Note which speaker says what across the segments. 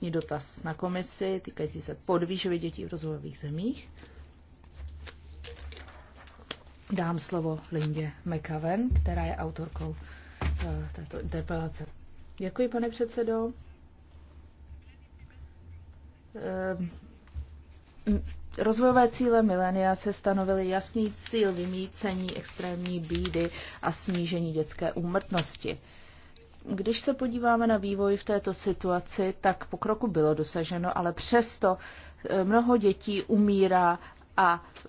Speaker 1: ústní dotaz na komisi týkající se podvýživy dětí v rozvojových zemích. Dám slovo Lindě McAven, která je autorkou eh, této interpelace. Děkuji, pane předsedo. Eh, rozvojové cíle milénia se stanovily jasný cíl vymícení extrémní bídy a snížení dětské úmrtnosti. Když se podíváme na vývoj v této situaci, tak pokroku bylo dosaženo, ale přesto e, mnoho dětí umírá a e,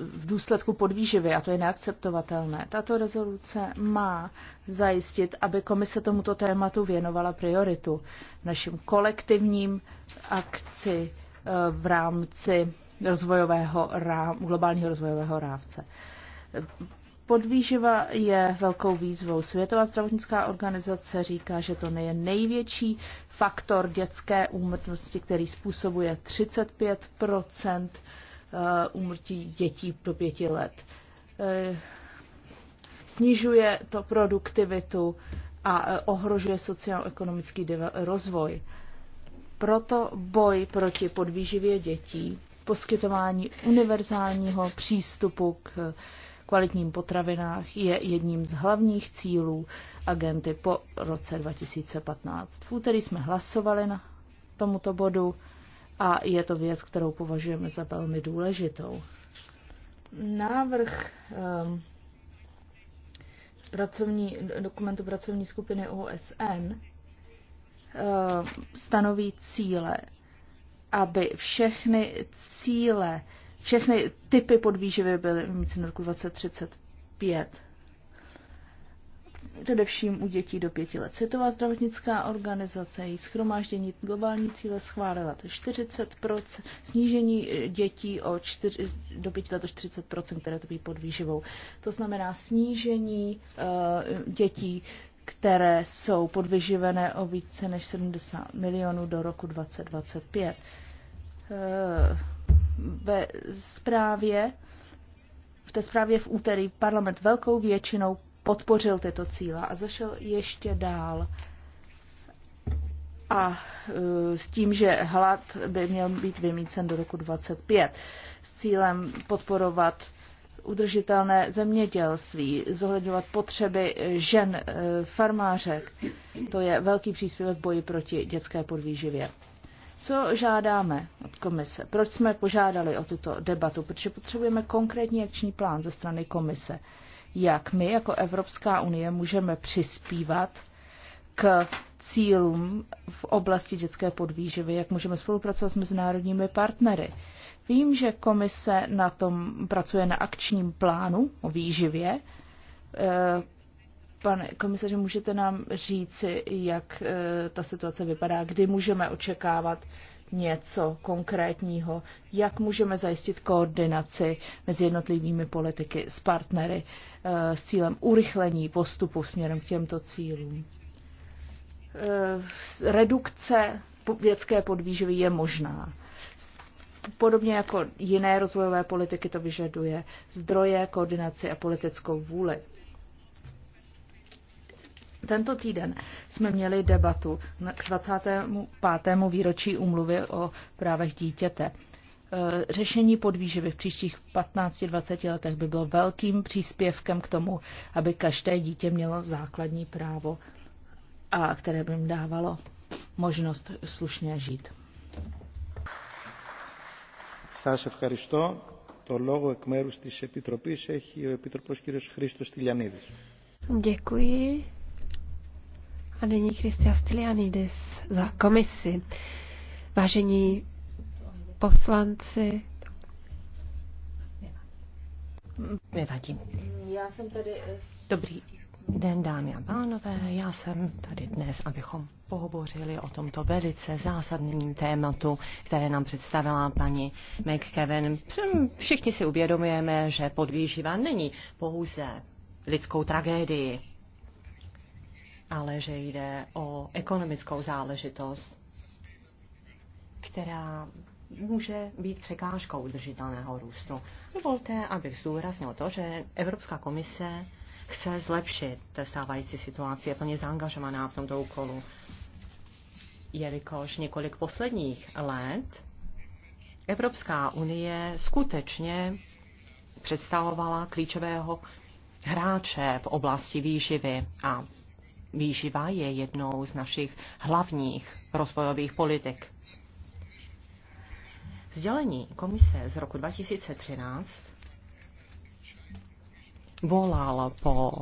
Speaker 1: v důsledku podvýživy, a to je neakceptovatelné. Tato rezoluce má zajistit, aby komise tomuto tématu věnovala prioritu našim kolektivním akci e, v rámci rozvojového rám, globálního rozvojového rámce. Podvýživa je velkou výzvou. Světová zdravotnická organizace říká, že to je největší faktor dětské úmrtnosti, který způsobuje 35 eh, úmrtí dětí do pěti let. Eh, snižuje to produktivitu a eh, ohrožuje sociálno-ekonomický rozvoj. Proto boj proti podvýživě dětí, poskytování univerzálního přístupu k kvalitním potravinách je jedním z hlavních cílů agenty po roce 2015. V úterý jsme hlasovali na tomuto bodu a je to věc, kterou považujeme za velmi důležitou. Návrh um, pracovní, dokumentu pracovní skupiny OSN ehm, stanoví cíle, aby všechny cíle všechny typy podvýživy byly umíceny do roku 2035. Především u dětí do pěti let. Světová zdravotnická organizace její schromáždění globální cíle schválila to 40 snížení eh, dětí o 4, do 5 let o 40 které to být podvýživou. To znamená snížení uh, dětí, které jsou podvyživené o více než 70 milionů do roku 2025. Uh, ve zprávě, v té zprávě v úterý parlament velkou většinou podpořil tyto cíle a zašel ještě dál. A e, s tím, že hlad by měl být vymícen do roku 25 s cílem podporovat udržitelné zemědělství, zohledňovat potřeby žen, e, farmářek. To je velký příspěvek boji proti dětské podvýživě. Co žádáme od komise? Proč jsme požádali o tuto debatu? Protože potřebujeme konkrétní akční plán ze strany komise. Jak my jako Evropská unie můžeme přispívat k cílům v oblasti dětské podvýživy, jak můžeme spolupracovat s mezinárodními partnery. Vím, že komise na tom pracuje na akčním plánu o výživě eh, Pane komisaře, můžete nám říci, jak e, ta situace vypadá, kdy můžeme očekávat něco konkrétního, jak můžeme zajistit koordinaci mezi jednotlivými politiky s partnery e, s cílem urychlení postupu směrem k těmto cílům. E, redukce dětské podvýživy je možná. Podobně jako jiné rozvojové politiky to vyžaduje zdroje, koordinaci a politickou vůli. Tento týden jsme měli debatu k 25. výročí umluvy o právech dítěte. E, řešení podvýživy v příštích 15-20 letech by bylo velkým příspěvkem k tomu, aby každé dítě mělo základní právo, a které by jim dávalo možnost slušně
Speaker 2: žít. Σας ευχαριστώ. Το λόγο εκ μέρους της Επιτροπής έχει ο Επίτροπος κ. Χρήστος Τηλιανίδης.
Speaker 3: Děkuji. A nyní Kristia Stylianidis za komisi. Vážení poslanci,
Speaker 4: Nevadí.
Speaker 1: Já jsem tady... Eh,
Speaker 4: Dobrý den, dámy a pánové. Já jsem tady dnes, abychom pohovořili o tomto velice zásadním tématu, které nám představila paní McKeven. Všichni si uvědomujeme, že podvýživa není pouze lidskou tragédii ale že jde o ekonomickou záležitost, která může být překážkou udržitelného růstu. Dovolte, abych zdůraznil to, že Evropská komise chce zlepšit stávající situaci, je plně zaangažovaná v tomto úkolu, jelikož několik posledních let Evropská unie skutečně představovala klíčového hráče v oblasti výživy a výživa je jednou z našich hlavních rozvojových politik. Sdělení komise z roku 2013 volal po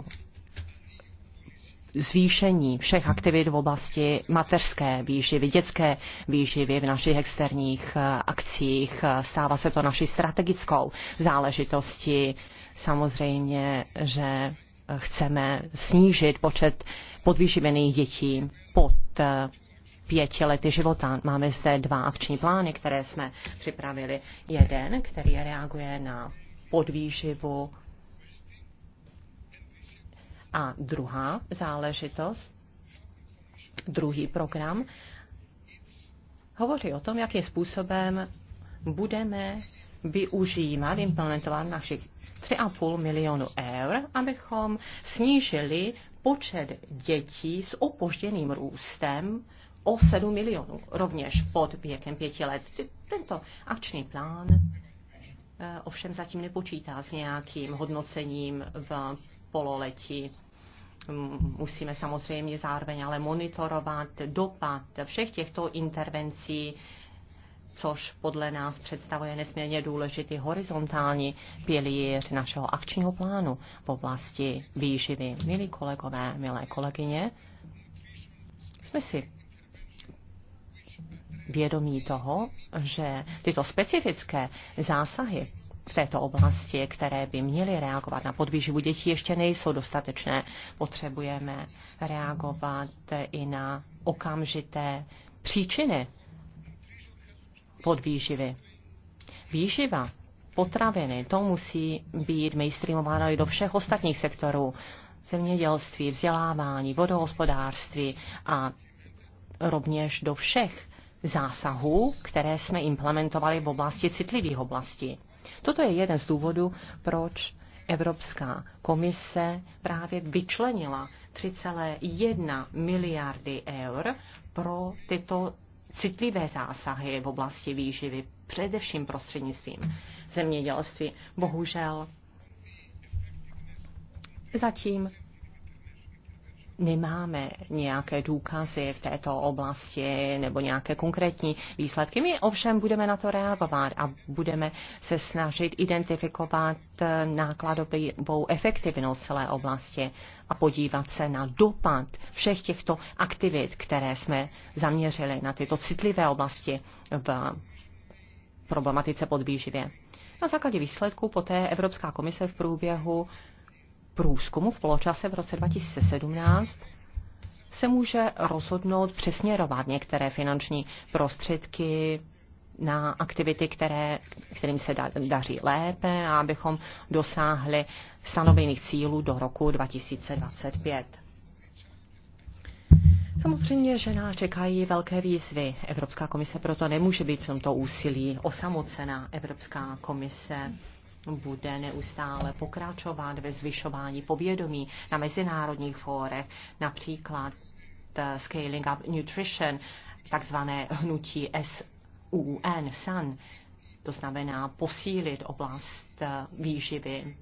Speaker 4: zvýšení všech aktivit v oblasti mateřské výživy, dětské výživy v našich externích eh, akcích. Stává se to naší strategickou záležitostí. Samozřejmě, že chceme snížit počet podvýživených dětí pod eh, pěti lety života. Máme zde dva akční plány, které jsme připravili. Jeden, který reaguje na podvýživu a druhá záležitost, druhý program, hovoří o tom, jakým způsobem budeme využívat, implementovat našich 3,5 milionu eur, abychom snížili počet dětí s opožděným růstem o 7 milionů, rovněž pod věkem pěti let. Tento akční plán eh, ovšem zatím nepočítá s nějakým hodnocením v pololetí. Musíme samozřejmě zároveň ale monitorovat dopad všech těchto intervencí což podle nás představuje nesmírně důležitý horizontální pilíř našeho akčního plánu v oblasti výživy. Milí kolegové, milé kolegyně, jsme si vědomí toho, že tyto specifické zásahy v této oblasti, které by měly reagovat na podvýživu dětí, ještě nejsou dostatečné. Potřebujeme reagovat i na okamžité příčiny podvýživy. Výživa, potraviny, to musí být mainstreamováno i do všech ostatních sektorů. Zemědělství, vzdělávání, vodohospodářství a rovněž do všech zásahů, které jsme implementovali v oblasti citlivých oblastí. Toto je jeden z důvodů, proč Evropská komise právě vyčlenila 3,1 miliardy eur pro tyto citlivé zásahy v oblasti výživy, především prostřednictvím zemědělství. Bohužel zatím nemáme nějaké důkazy v této oblasti nebo nějaké konkrétní výsledky. My ovšem budeme na to reagovat a budeme se snažit identifikovat nákladovou efektivnost celé oblasti a podívat se na dopad všech těchto aktivit, které jsme zaměřili na tyto citlivé oblasti v problematice podvýživě. Na základě výsledků poté Evropská komise v průběhu průzkumu v poločase v roce 2017 se může rozhodnout přesměrovat některé finanční prostředky na aktivity, které, kterým se da, daří lépe a abychom dosáhli stanovených cílů do roku 2025. Samozřejmě, že nás čekají velké výzvy. Evropská komise proto nemůže být v tomto úsilí osamocená. Evropská komise bude neustále pokračovat ve zvyšování povědomí na mezinárodních fórech, například eh, Scaling Up Nutrition, takzvané hnutí SUN, SUN, to znamená posílit oblast eh, výživy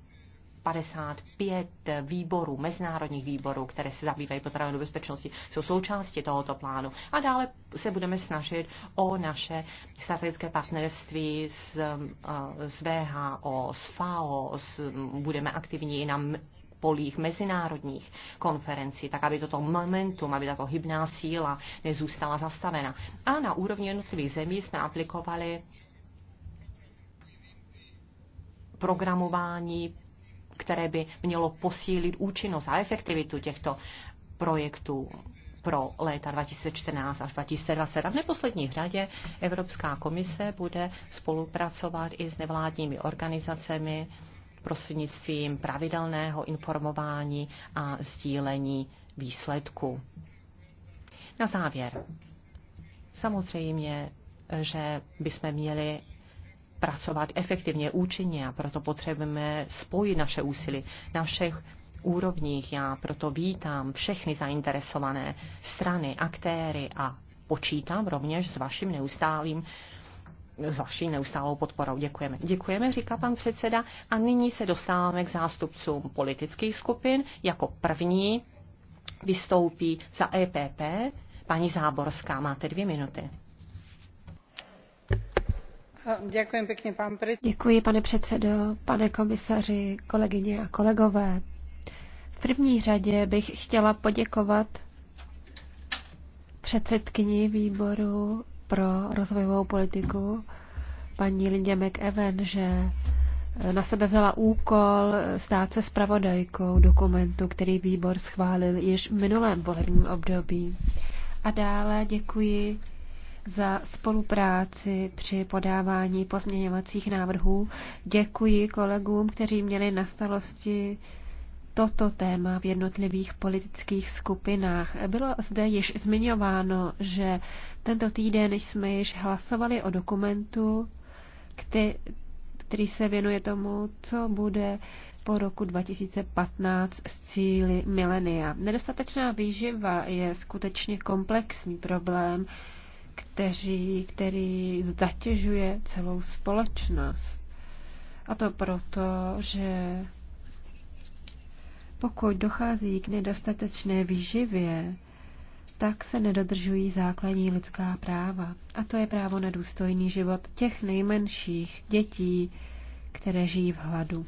Speaker 4: 55 výborů, mezinárodních výborů, které se zabývají potravinou bezpečnosti, jsou součástí tohoto plánu. A dále se budeme snažit o naše strategické partnerství s, s VHO, s FAO, s, budeme aktivní i na polích mezinárodních konferencí, tak aby toto momentum, aby tato hybná síla nezůstala zastavena. A na úrovni jednotlivých zemí jsme aplikovali programování které by mělo posílit účinnost a efektivitu těchto projektů pro léta 2014 až 2020. A v neposlední řadě Evropská komise bude spolupracovat i s nevládními organizacemi prostřednictvím pravidelného informování a sdílení výsledků. Na závěr. Samozřejmě, že bychom měli pracovat efektivně, účinně a proto potřebujeme spojit naše úsilí na všech úrovních. Já proto vítám všechny zainteresované strany, aktéry a počítám rovněž s vaším neustálým s vaší neustálou podporou. Děkujeme. Děkujeme, říká pan předseda. A nyní se dostáváme k zástupcům politických skupin. Jako první vystoupí za EPP paní Záborská. Máte dvě minuty.
Speaker 3: Děkuji pán pane předsedo, pane komisaři, kolegyně a kolegové. V první řadě bych chtěla poděkovat předsedkyni výboru pro rozvojovou politiku paní Lindě McEwen, že na sebe vzala úkol stát se spravodajkou dokumentu, který výbor schválil již v minulém volebním období. A dále děkuji za spolupráci při podávání pozměňovacích návrhů. Děkuji kolegům, kteří měli na starosti toto téma v jednotlivých politických skupinách. Bylo zde již zmiňováno, že tento týden jsme již hlasovali o dokumentu, který, se věnuje tomu, co bude po roku 2015 z cíly milenia. Nedostatečná výživa je skutečně komplexní problém, kteří, který zatěžuje celou společnost. A to proto, že pokud dochází k nedostatečné výživě, tak se nedodržují základní lidská práva. A to je právo na důstojný život těch nejmenších dětí, které žijí v hladu.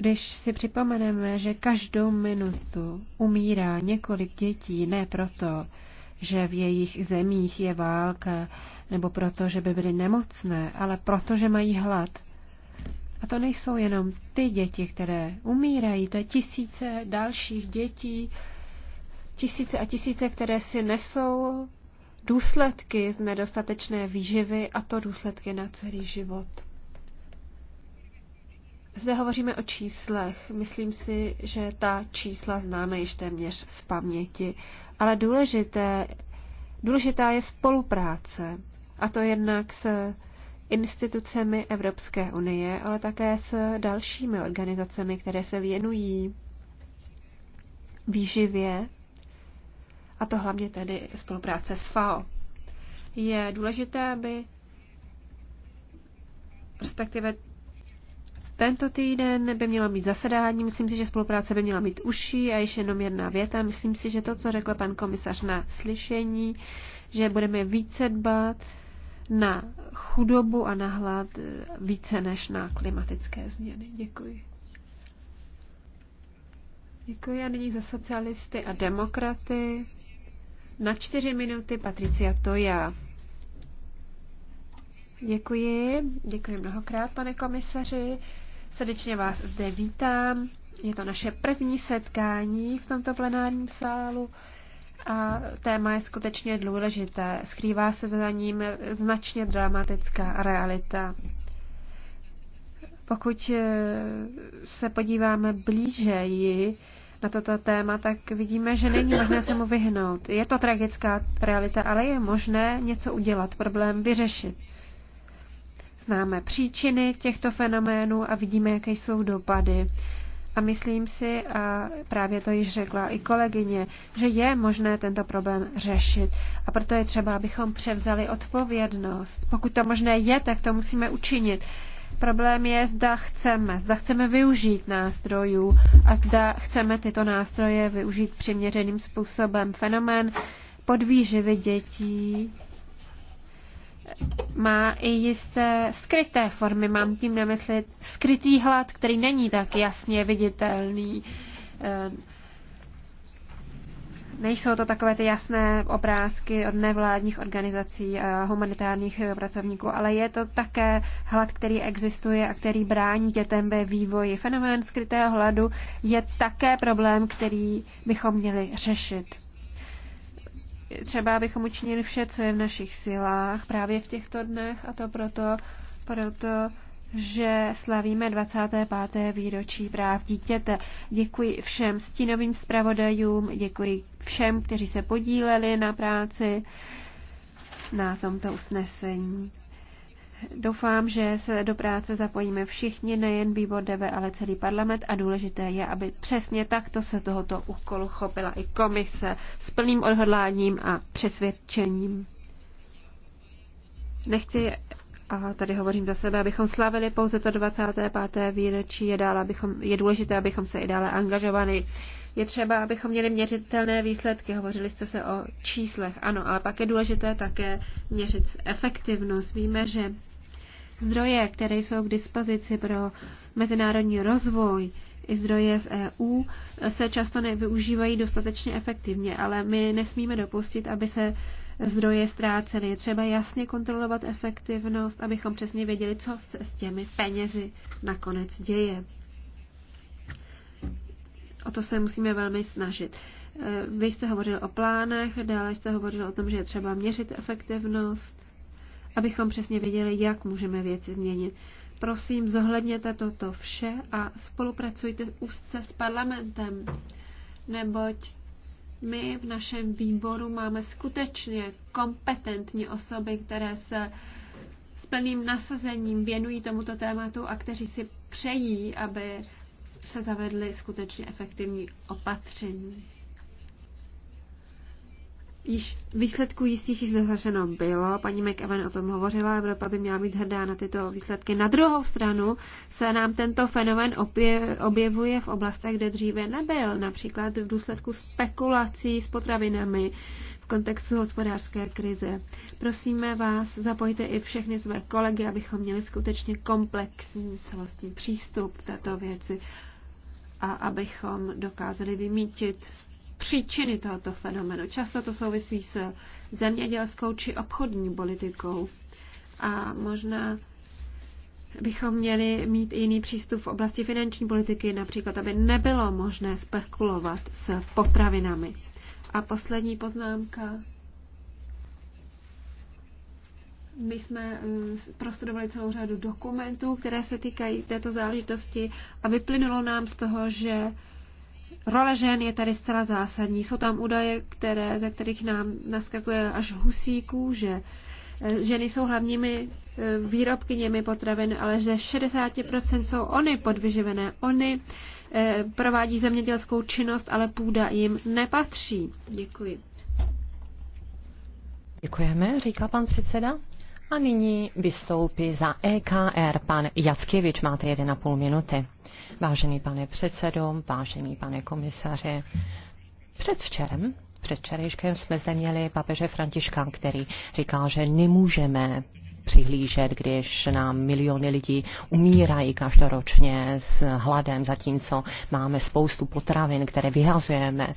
Speaker 3: Když si připomeneme, že každou minutu umírá několik dětí, ne proto, že v jejich zemích je válka, nebo proto, že by byly nemocné, ale proto, že mají hlad. A to nejsou jenom ty děti, které umírají, to je tisíce dalších dětí, tisíce a tisíce, které si nesou důsledky z nedostatečné výživy a to důsledky na celý život. Zde hovoříme o číslech. Myslím si, že ta čísla známe již téměř z paměti. Ale důležité, důležitá je spolupráce. A to jednak s institucemi Evropské unie, ale také s dalšími organizacemi, které se věnují výživě, a to hlavně tedy spolupráce s FAO. Je důležité, aby respektive tento týden by mělo být zasedání, myslím si, že spolupráce by měla být uší a ještě jenom jedna věta. Myslím si, že to, co řekl pan komisař na slyšení, že budeme více dbat na chudobu a na hlad eh, více než na klimatické změny. Děkuji. Děkuji a nyní za socialisty a demokraty. Na čtyři minuty Patricia Toja. Děkuji, děkuji mnohokrát, pane komisaři. Srdečně vás zde vítám. Je to naše první setkání v tomto plenárním sálu a téma je skutečně důležité. Skrývá se za ním značně dramatická realita. Pokud eh, se podíváme blížeji na toto téma, tak vidíme, že není možné se mu vyhnout. Je to tragická realita, ale je možné něco udělat, problém vyřešit. Známe příčiny těchto fenoménů a vidíme, jaké jsou dopady. A myslím si, a právě to již řekla i kolegyně, že je možné tento problém řešit. A proto je třeba, abychom převzali odpovědnost. Pokud to možné je, tak to musíme učinit. Problém je, zda chceme, zda chceme využít nástrojů a zda chceme tyto nástroje využít přiměřeným způsobem. Fenomén podvýživy dětí má i jisté skryté formy. Mám tím na mysli skrytý hlad, který není tak jasně viditelný. Ehm, nejsou to takové ty jasné obrázky od nevládních organizací a humanitárních pracovníků, ale je to také hlad, který existuje a který brání dětem ve vývoji. Fenomén skrytého hladu je také problém, který bychom měli řešit třeba abychom učinili vše, co je v našich silách právě v těchto dnech a to proto, proto že slavíme 25. výročí práv dítěte. Děkuji všem stínovým zpravodajům, děkuji všem, kteří se podíleli na práci na tomto usnesení. Doufám, že se do práce zapojíme všichni, nejen výbor DV, ale celý parlament a důležité je, aby přesně takto se tohoto úkolu chopila i komise s plným odhodláním a přesvědčením. Nechci, a tady hovořím za sebe, abychom slavili pouze to 25. výročí, je, dál, abychom, je důležité, abychom se i dále angažovali. Je třeba, abychom měli měřitelné výsledky. Hovořili jste se o číslech, ano, ale pak je důležité také měřit efektivnost. Víme, že Zdroje, které jsou k dispozici pro mezinárodní rozvoj i zdroje z EU, se často nevyužívají dostatečně efektivně, ale my nesmíme dopustit, aby se zdroje ztrácely. Je třeba jasně kontrolovat efektivnost, abychom přesně věděli, co se s těmi penězi nakonec děje. O to se musíme velmi snažit. Vy jste hovořil o plánech, dále jste hovořil o tom, že je třeba měřit efektivnost abychom přesně věděli, jak můžeme věci změnit. Prosím, zohledněte toto vše a spolupracujte úzce s parlamentem, neboť my v našem výboru máme skutečně kompetentní osoby, které se s plným nasazením věnují tomuto tématu a kteří si přejí, aby se zavedly skutečně efektivní opatření. Již výsledků jistých již dosaženo bylo, paní McEwen o tom hovořila, Evropa by měla být hrdá na tyto výsledky. Na druhou stranu se nám tento fenomen objevuje v oblastech, kde dříve nebyl, například v důsledku spekulací s potravinami v kontextu hospodářské krize. Prosíme vás, zapojte i všechny své kolegy, abychom měli skutečně komplexní celostní přístup k této věci a abychom dokázali vymítit příčiny tohoto fenomenu. Často to souvisí s zemědělskou či obchodní politikou. A možná bychom měli mít jiný přístup v oblasti finanční politiky, například, aby nebylo možné spekulovat s potravinami. A poslední poznámka. My jsme mm, prostudovali celou řadu dokumentů, které se týkají této záležitosti a vyplynulo nám z toho, že Role žen je tady zcela zásadní. Jsou tam údaje, které, ze kterých nám naskakuje až husí kůže. Eh, ženy jsou hlavními eh, výrobkyněmi potravin, ale že 60% jsou ony podvyživené. Ony eh, provádí zemědělskou činnost, ale půda jim nepatří. Děkuji.
Speaker 4: Děkujeme, říká pan předseda. A nyní vystoupí za EKR pan Jackevič. Máte 1,5 minuty. Vážený pane předsedo, vážený pane komisaři, předvčerem předčerejškem jsme zde měli papeže Františka, který říkal, že nemůžeme přihlížet, když nám miliony lidí umírají každoročně s hladem, zatímco máme spoustu potravin, které vyhazujeme.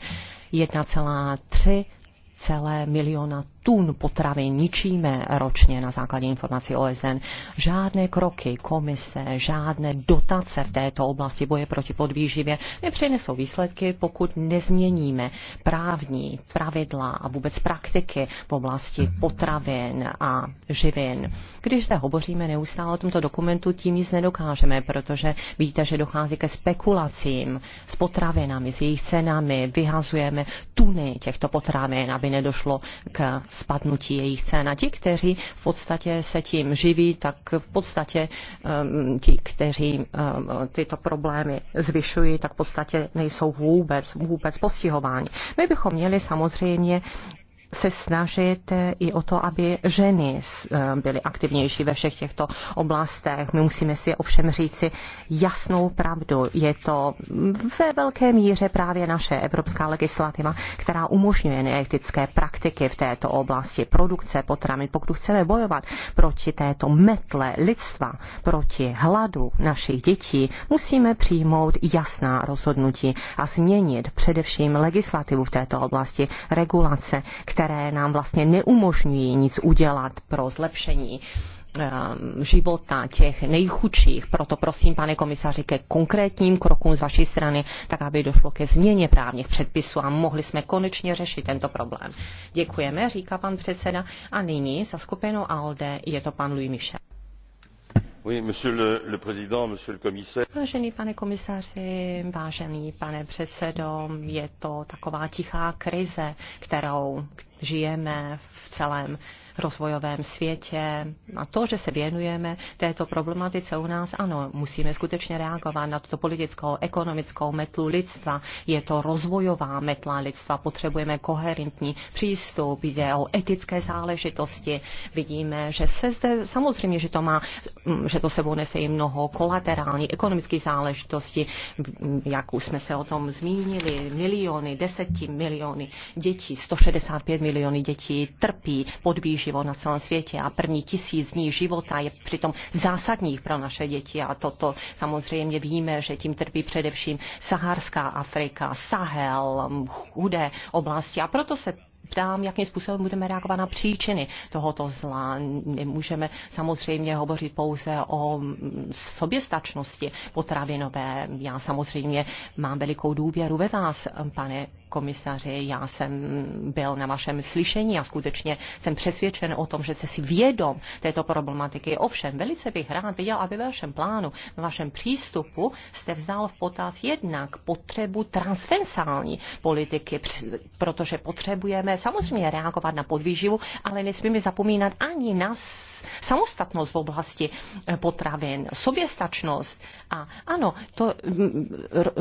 Speaker 4: 1,3 celé miliona tun potravin ničíme ročně na základě informací OSN. Žádné kroky komise, žádné dotace v této oblasti boje proti podvýživě nepřinesou výsledky, pokud nezměníme právní pravidla a vůbec praktiky v oblasti mhm. potravin a živin. Když zde hovoříme neustále o tomto dokumentu, tím nic nedokážeme, protože víte, že dochází ke spekulacím s potravinami, s jejich cenami, vyhazujeme tuny těchto potravin, aby nedošlo k spadnutí jejich cen. A ti, kteří v podstatě se tím živí, tak v podstatě um, ti, kteří um, tyto problémy zvyšují, tak v podstatě nejsou vůbec, vůbec postihováni. My bychom měli samozřejmě se snažit i o to, aby ženy eh, byly aktivnější ve všech těchto oblastech. My musíme si ovšem říci jasnou pravdu. Je to ve velké míře právě naše evropská legislativa, která umožňuje neetické praktiky v této oblasti produkce potravin. Pokud chceme bojovat proti této metle lidstva, proti hladu našich dětí, musíme přijmout jasná rozhodnutí a změnit především legislativu v této oblasti, regulace, která které nám vlastně neumožňují nic udělat pro zlepšení eh, života těch nejchudších. Proto prosím, pane komisaři, ke konkrétním krokům z vaší strany, tak aby došlo ke změně právních předpisů a mohli jsme konečně řešit tento problém. Děkujeme, říká pan předseda. A nyní za skupinu ALDE je to pan Louis Michel
Speaker 2: monsieur le, président, monsieur le commissaire.
Speaker 4: Vážený pane komisaři, vážený pane předsedo, je to taková tichá krize, kterou žijeme v celém rozvojovém světě. A to, že se věnujeme této problematice u nás, ano, musíme skutečně reagovat na tuto politickou, ekonomickou metlu lidstva. Je to rozvojová metla lidstva, potřebujeme koherentní přístup, jde o etické záležitosti. Vidíme, že se zde, samozřejmě, že to má, že to sebou nese i mnoho kolaterální ekonomické záležitosti, jak už jsme se o tom zmínili, miliony, deseti miliony dětí, 165 milionů dětí trpí podbíž život na celém světě a první tisíc dní života je přitom zásadních pro naše děti a toto samozřejmě víme, že tím trpí především Saharská Afrika, Sahel, chudé oblasti a proto se ptám, jakým způsobem budeme reagovat na příčiny tohoto zla. Nemůžeme samozřejmě hovořit pouze o soběstačnosti potravinové. Já samozřejmě mám velikou důvěru ve vás, pane komisaři, já jsem byl na vašem slyšení a skutečně jsem přesvědčen o tom, že jste si vědom této problematiky. Ovšem, velice bych rád viděl, aby ve vašem plánu, ve vašem přístupu jste vzal v potaz jednak potřebu transversální politiky, protože potřebujeme samozřejmě reagovat na podvýživu, ale nesmíme zapomínat ani na samostatnost v oblasti eh, potravin, soběstačnost. A ano, to mm,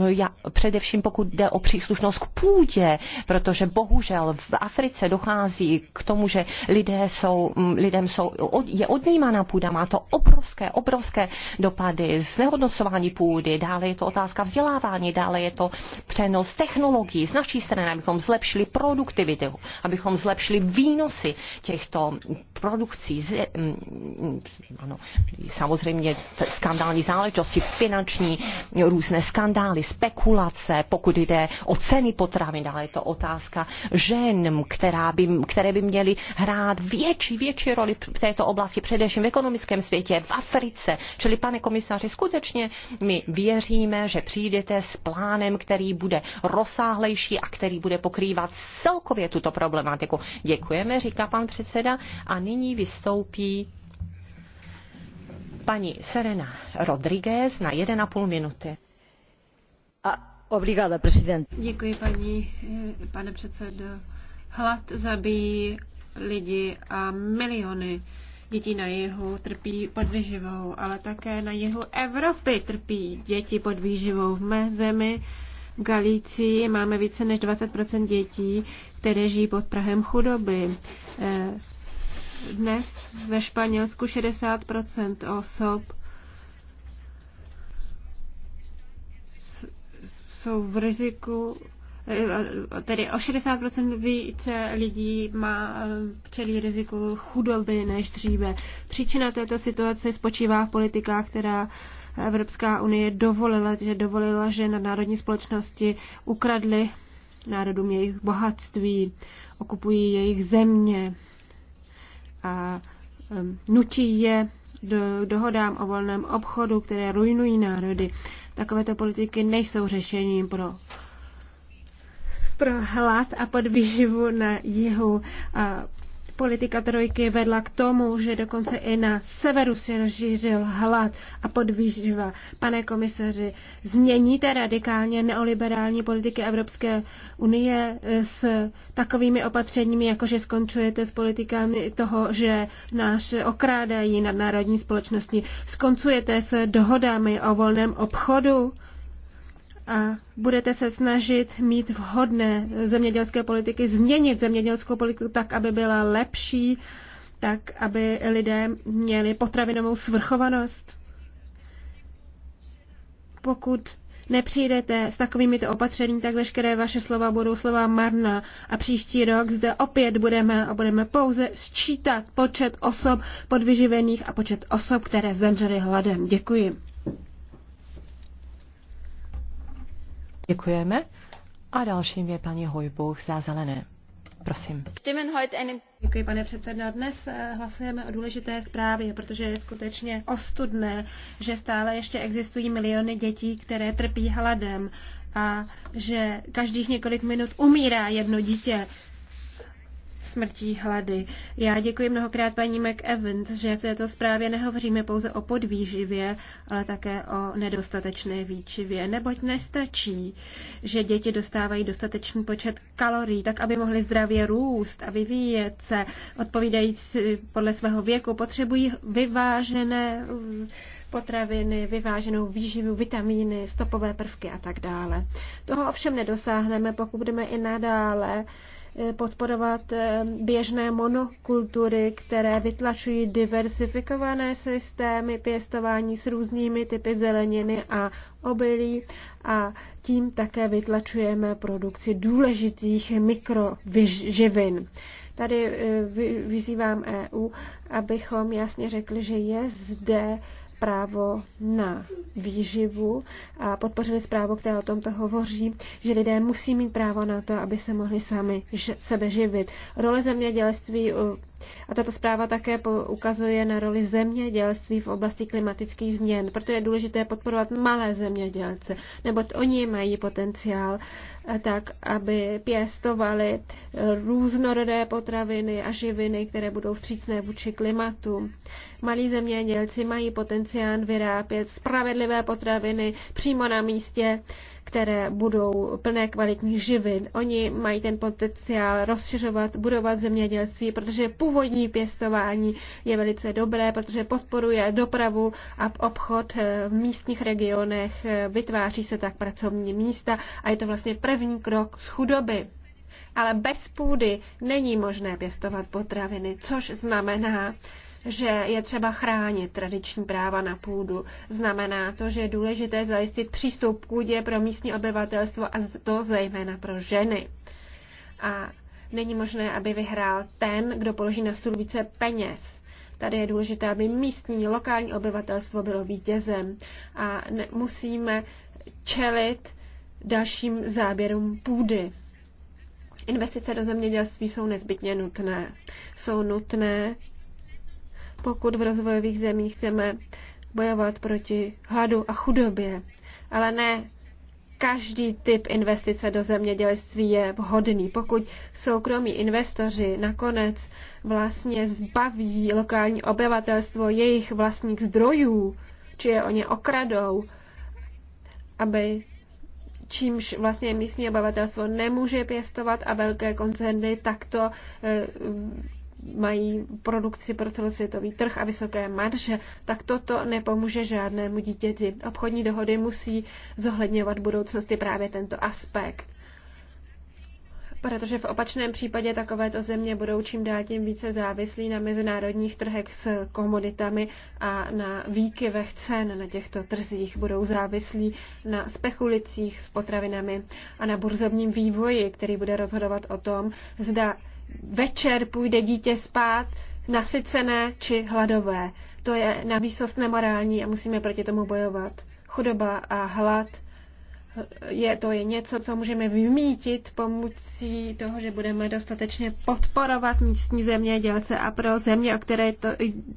Speaker 4: já, především pokud jde o příslušnost k půdě, protože bohužel v Africe dochází k tomu, že lidé jsou, mm, lidem jsou, je odnímána půda, má to obrovské, obrovské dopady, znehodnocování půdy, dále je to otázka vzdělávání, dále je to přenos technologií z naší strany, abychom zlepšili produktivitu, abychom zlepšili výnosy těchto produkcí, mm, Mm, ano, samozřejmě skandální záležitosti, finanční, různé skandály, spekulace, pokud jde o ceny potravin, dále je to otázka žen, která by, které by měly hrát větší, větší roli v této oblasti, především v ekonomickém světě, v Africe. Čili, pane komisaři, skutečně my věříme, že přijdete s plánem, který bude rozsáhlejší a který bude pokrývat celkově tuto problematiku. Děkujeme, říká pan předseda. A nyní vystoupí paní Serena Rodriguez na 1,5 minuty.
Speaker 3: A obrigada, prezident. Děkuji, paní, eh, pane předsedo. Hlad zabíjí lidi a miliony dětí na jihu trpí podvýživou, ale také na jihu Evropy trpí děti podvýživou. V mé zemi v Galicii máme více než 20 dětí, které žijí pod Prahem chudoby. Eh, dnes ve Španělsku 60 osob jsou v riziku, eh, tedy o 60 více lidí má eh, čelí riziku chudoby než dříve. Příčina této situace spočívá v politikách, která Evropská unie dovolila, že dovolila, že na národní společnosti ukradly národům jejich bohatství, okupují jejich země, a nutí je do, dohodám o volném obchodu, které ruinují národy. Takovéto politiky nejsou řešením pro pro hlad a podvýživu na jihu. A Politika trojky vedla k tomu, že dokonce i na severu se rozšířil hlad a podvýživa. Pane komisaři, změníte radikálně neoliberální politiky Evropské unie eh, s takovými opatřeními, jako že skončujete s politikami toho, že náš okrádají nadnárodní společnosti. Skoncujete s dohodami o volném obchodu? a budete se snažit mít vhodné zemědělské politiky, změnit zemědělskou politiku tak, aby byla lepší, tak, aby lidé měli potravinovou svrchovanost. Pokud nepřijdete s takovými to opatření, tak veškeré vaše slova budou slova marná a příští rok zde opět budeme a budeme pouze sčítat počet osob podvyživených a počet osob, které zemřely hladem. Děkuji.
Speaker 4: Děkujeme. A dalším je paní Hojbuch za zelené. Prosím.
Speaker 3: Děkuji, pane předseda. Dnes eh, hlasujeme o důležité zprávě, protože je skutečně ostudné, že stále ještě existují miliony dětí, které trpí hladem a že každých několik minut umírá jedno dítě smrtí hlady. Já děkuji mnohokrát paní McEvans, že v této zprávě nehovoříme pouze o podvýživě, ale také o nedostatečné výčivě, neboť nestačí, že děti dostávají dostatečný počet kalorií, tak aby mohly zdravě růst a vyvíjet se, odpovídající podle svého věku, potřebují vyvážené mm, potraviny, vyváženou výživu, vitamíny, stopové prvky a tak dále. Toho ovšem nedosáhneme, pokud budeme i nadále Eh, podporovat eh, běžné monokultury, které vytlačují diversifikované systémy pěstování s různými typy zeleniny a obilí a tím také vytlačujeme produkci důležitých mikroživin. Tady eh, vyzývám EU, abychom jasně řekli, že je zde právo na výživu a podpořili zprávu, která o tomto hovoří, že lidé musí mít právo na to, aby se mohli sami sebe živit. Role zemědělství a tato zpráva také ukazuje na roli zemědělství v oblasti klimatických změn. Proto je důležité podporovat malé zemědělce, neboť oni mají potenciál eh, tak, aby pěstovali eh, různorodé potraviny a živiny, které budou vstřícné vůči klimatu. Malí zemědělci mají potenciál vyrábět spravedlivé potraviny přímo na místě, které budou plné kvalitních živin. Oni mají ten potenciál rozšiřovat, budovat zemědělství, protože původní pěstování je velice dobré, protože podporuje dopravu a obchod eh, v místních regionech, eh, vytváří se tak pracovní místa a je to vlastně první krok z chudoby. Ale bez půdy není možné pěstovat potraviny, což znamená, že je třeba chránit tradiční práva na půdu. Znamená to, že je důležité zajistit přístup k půdě pro místní obyvatelstvo a to zejména pro ženy. A není možné, aby vyhrál ten, kdo položí na stůl více peněz. Tady je důležité, aby místní, lokální obyvatelstvo bylo vítězem a ne, musíme čelit dalším záběrům půdy. Investice do zemědělství jsou nezbytně nutné. Jsou nutné pokud v rozvojových zemích chceme bojovat proti hladu a chudobě. Ale ne každý typ investice do zemědělství je vhodný. Pokud soukromí investoři nakonec vlastně zbaví lokální obyvatelstvo jejich vlastních zdrojů, či je o ně okradou, aby čímž vlastně místní obyvatelstvo nemůže pěstovat a velké koncerny takto eh, mají produkci pro celosvětový trh a vysoké marže, tak toto nepomůže žádnému dítěti. Obchodní dohody musí zohledňovat v budoucnosti právě tento aspekt. Protože v opačném případě takovéto země budou čím dál tím více závislí na mezinárodních trhech s komoditami a na výkyvech cen na těchto trzích. Budou závislí na spekulicích s potravinami a na burzovním vývoji, který bude rozhodovat o tom, zda večer půjde dítě spát nasycené či hladové. To je na výsost nemorální a musíme proti tomu bojovat. Chudoba a hlad je to je něco, co můžeme vymítit pomocí toho, že budeme dostatečně podporovat místní zemědělce a pro země, o které, to,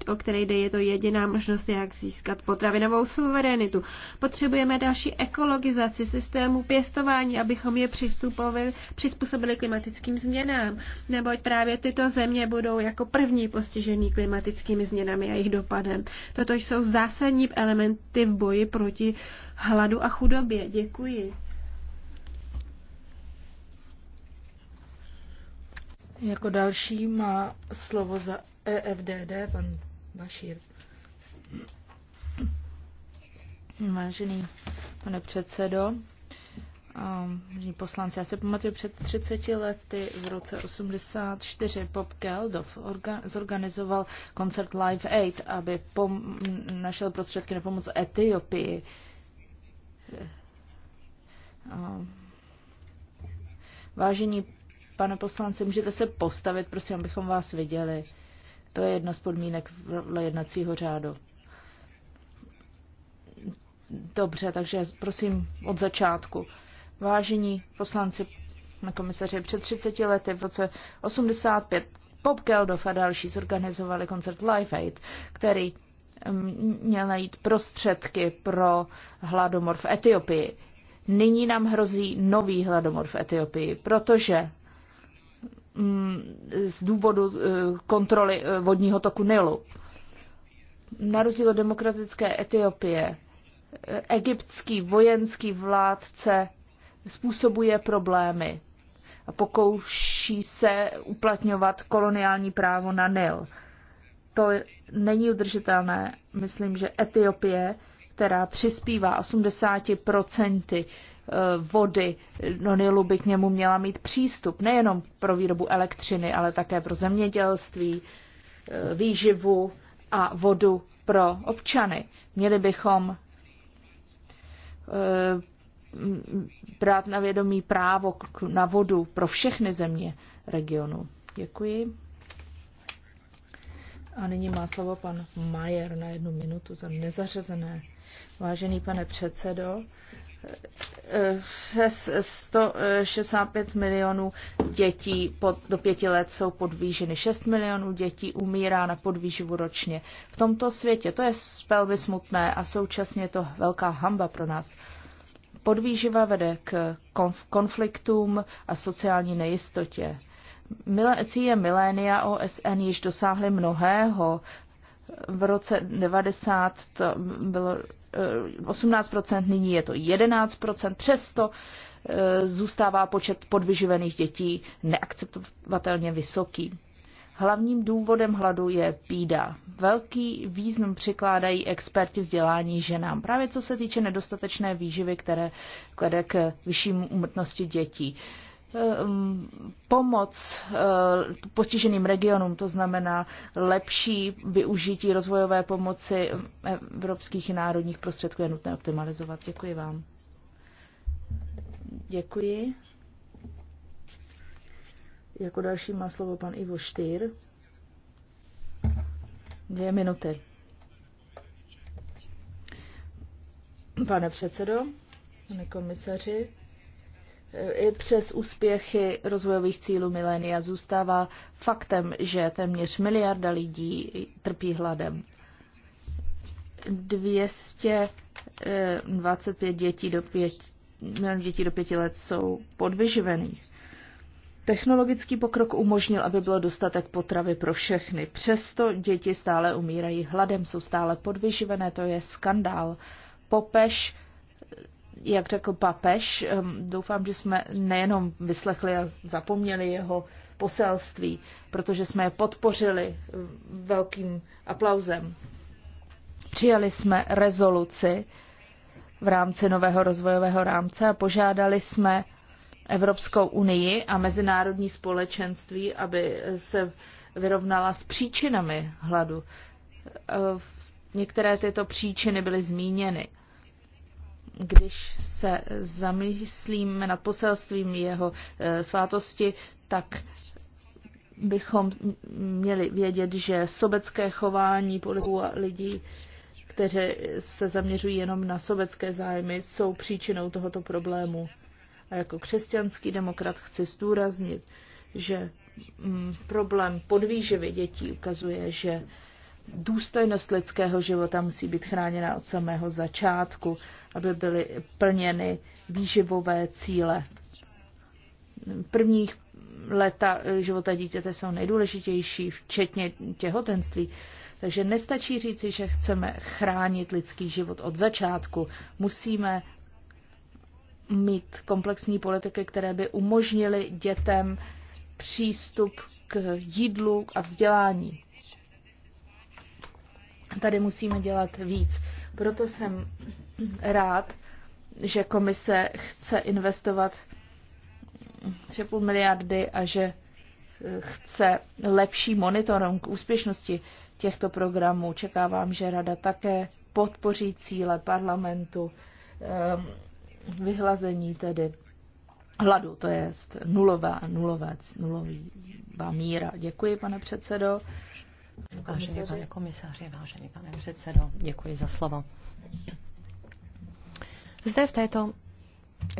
Speaker 3: o které jde, je to jediná možnost, jak získat potravinovou suverenitu. Potřebujeme další ekologizaci systému pěstování, abychom je přizpůsobili klimatickým změnám, neboť právě tyto země budou jako první postižený klimatickými změnami a jejich dopadem. Toto jsou zásadní elementy v boji proti hladu a chudobě. Děkuji.
Speaker 1: Jako další má slovo za EFDD pan Bašír. Vážený pane předsedo, um, vážení poslanci, já se pamatuju před 30 lety v roce 84 Bob Geldof orga, zorganizoval koncert Live Aid, aby pom, našel prostředky na pomoc Etiopii. Uh, Vážení pane poslanci, můžete se postavit, prosím, abychom vás viděli. To je jedna z podmínek jednacího řádu. Dobře, takže prosím od začátku. Vážení poslanci, na komisaři, před 30 lety v roce 85 Bob Geldof a další zorganizovali koncert Live Aid, který měla jít prostředky pro hladomor v Etiopii. Nyní nám hrozí nový hladomor v Etiopii, protože z důvodu e, kontroly e, vodního toku Nilu. Na rozdíl od demokratické Etiopie, e, egyptský vojenský vládce způsobuje problémy a pokouší se uplatňovat koloniální právo na Nil to není udržitelné. Myslím, že Etiopie, která přispívá 80% eh, vody do no, Nilu, by k němu měla mít přístup nejenom pro výrobu elektřiny, ale také pro zemědělství, eh, výživu a vodu pro občany. Měli bychom eh, brát na vědomí právo na vodu pro všechny země regionu. Děkuji. A nyní má slovo pan Majer na jednu minutu za nezařazené. Vážený pane předsedo, 165 eh, eh, eh, milionů dětí pod, do pěti let jsou podvýženy. 6 milionů dětí umírá na podvýživu ročně. V tomto světě to je velmi smutné a současně to velká hamba pro nás. Podvýživa vede k konfliktům a sociální nejistotě Cíle milénia OSN již dosáhly mnohého. V roce 90 to bylo 18%, eh, nyní je to 11%, přesto eh, zůstává počet podvyživených dětí neakceptovatelně vysoký. Hlavním důvodem hladu je pída. Velký význam přikládají experti vzdělání ženám, právě co se týče nedostatečné výživy, které vede k vyššímu umrtnosti dětí. Eh, pomoc eh, postiženým regionům, to znamená lepší využití rozvojové pomoci evropských i národních prostředků je nutné optimalizovat. Děkuji vám. Děkuji. Jako další má slovo pan Ivo Štýr. Dvě minuty. Pane předsedo, pane komisaři, i přes úspěchy rozvojových cílů milénia zůstává faktem, že téměř miliarda lidí trpí hladem. 225 dětí do, pět, dětí do pěti let jsou podvyživených. Technologický pokrok umožnil, aby bylo dostatek potravy pro všechny. Přesto děti stále umírají hladem, jsou stále podvyživené, to je skandál. Popež jak řekl papež, doufám, že jsme nejenom vyslechli a zapomněli jeho poselství, protože jsme je podpořili velkým aplauzem. Přijali jsme rezoluci v rámci nového rozvojového rámce a požádali jsme Evropskou unii a mezinárodní společenství, aby se vyrovnala s příčinami hladu. Některé tyto příčiny byly zmíněny když se zamyslíme nad poselstvím jeho eh, svátosti, tak bychom měli vědět, že sobecké chování politiků a lidí, kteří se zaměřují jenom na sobecké zájmy, jsou příčinou tohoto problému. A jako křesťanský demokrat chci zdůraznit, že mm, problém podvýživy dětí ukazuje, že důstojnost lidského života musí být chráněna od samého začátku, aby byly plněny výživové cíle. prvních leta života dítěte jsou nejdůležitější, včetně těhotenství. Takže nestačí říci, že chceme chránit lidský život od začátku. Musíme mít komplexní politiky, které by umožnily dětem přístup k jídlu a vzdělání. Tady musíme dělat víc. Proto jsem rád, že komise chce investovat 3,5 miliardy a že chce lepší k úspěšnosti těchto programů. Čekávám, že rada také podpoří cíle parlamentu ehm, vyhlazení tedy hladu, to je nulová, nulová, nulová míra. Děkuji, pane předsedo. Vážený pane
Speaker 4: komisaři, vážený pane předsedo, děkuji za slovo. Zde v této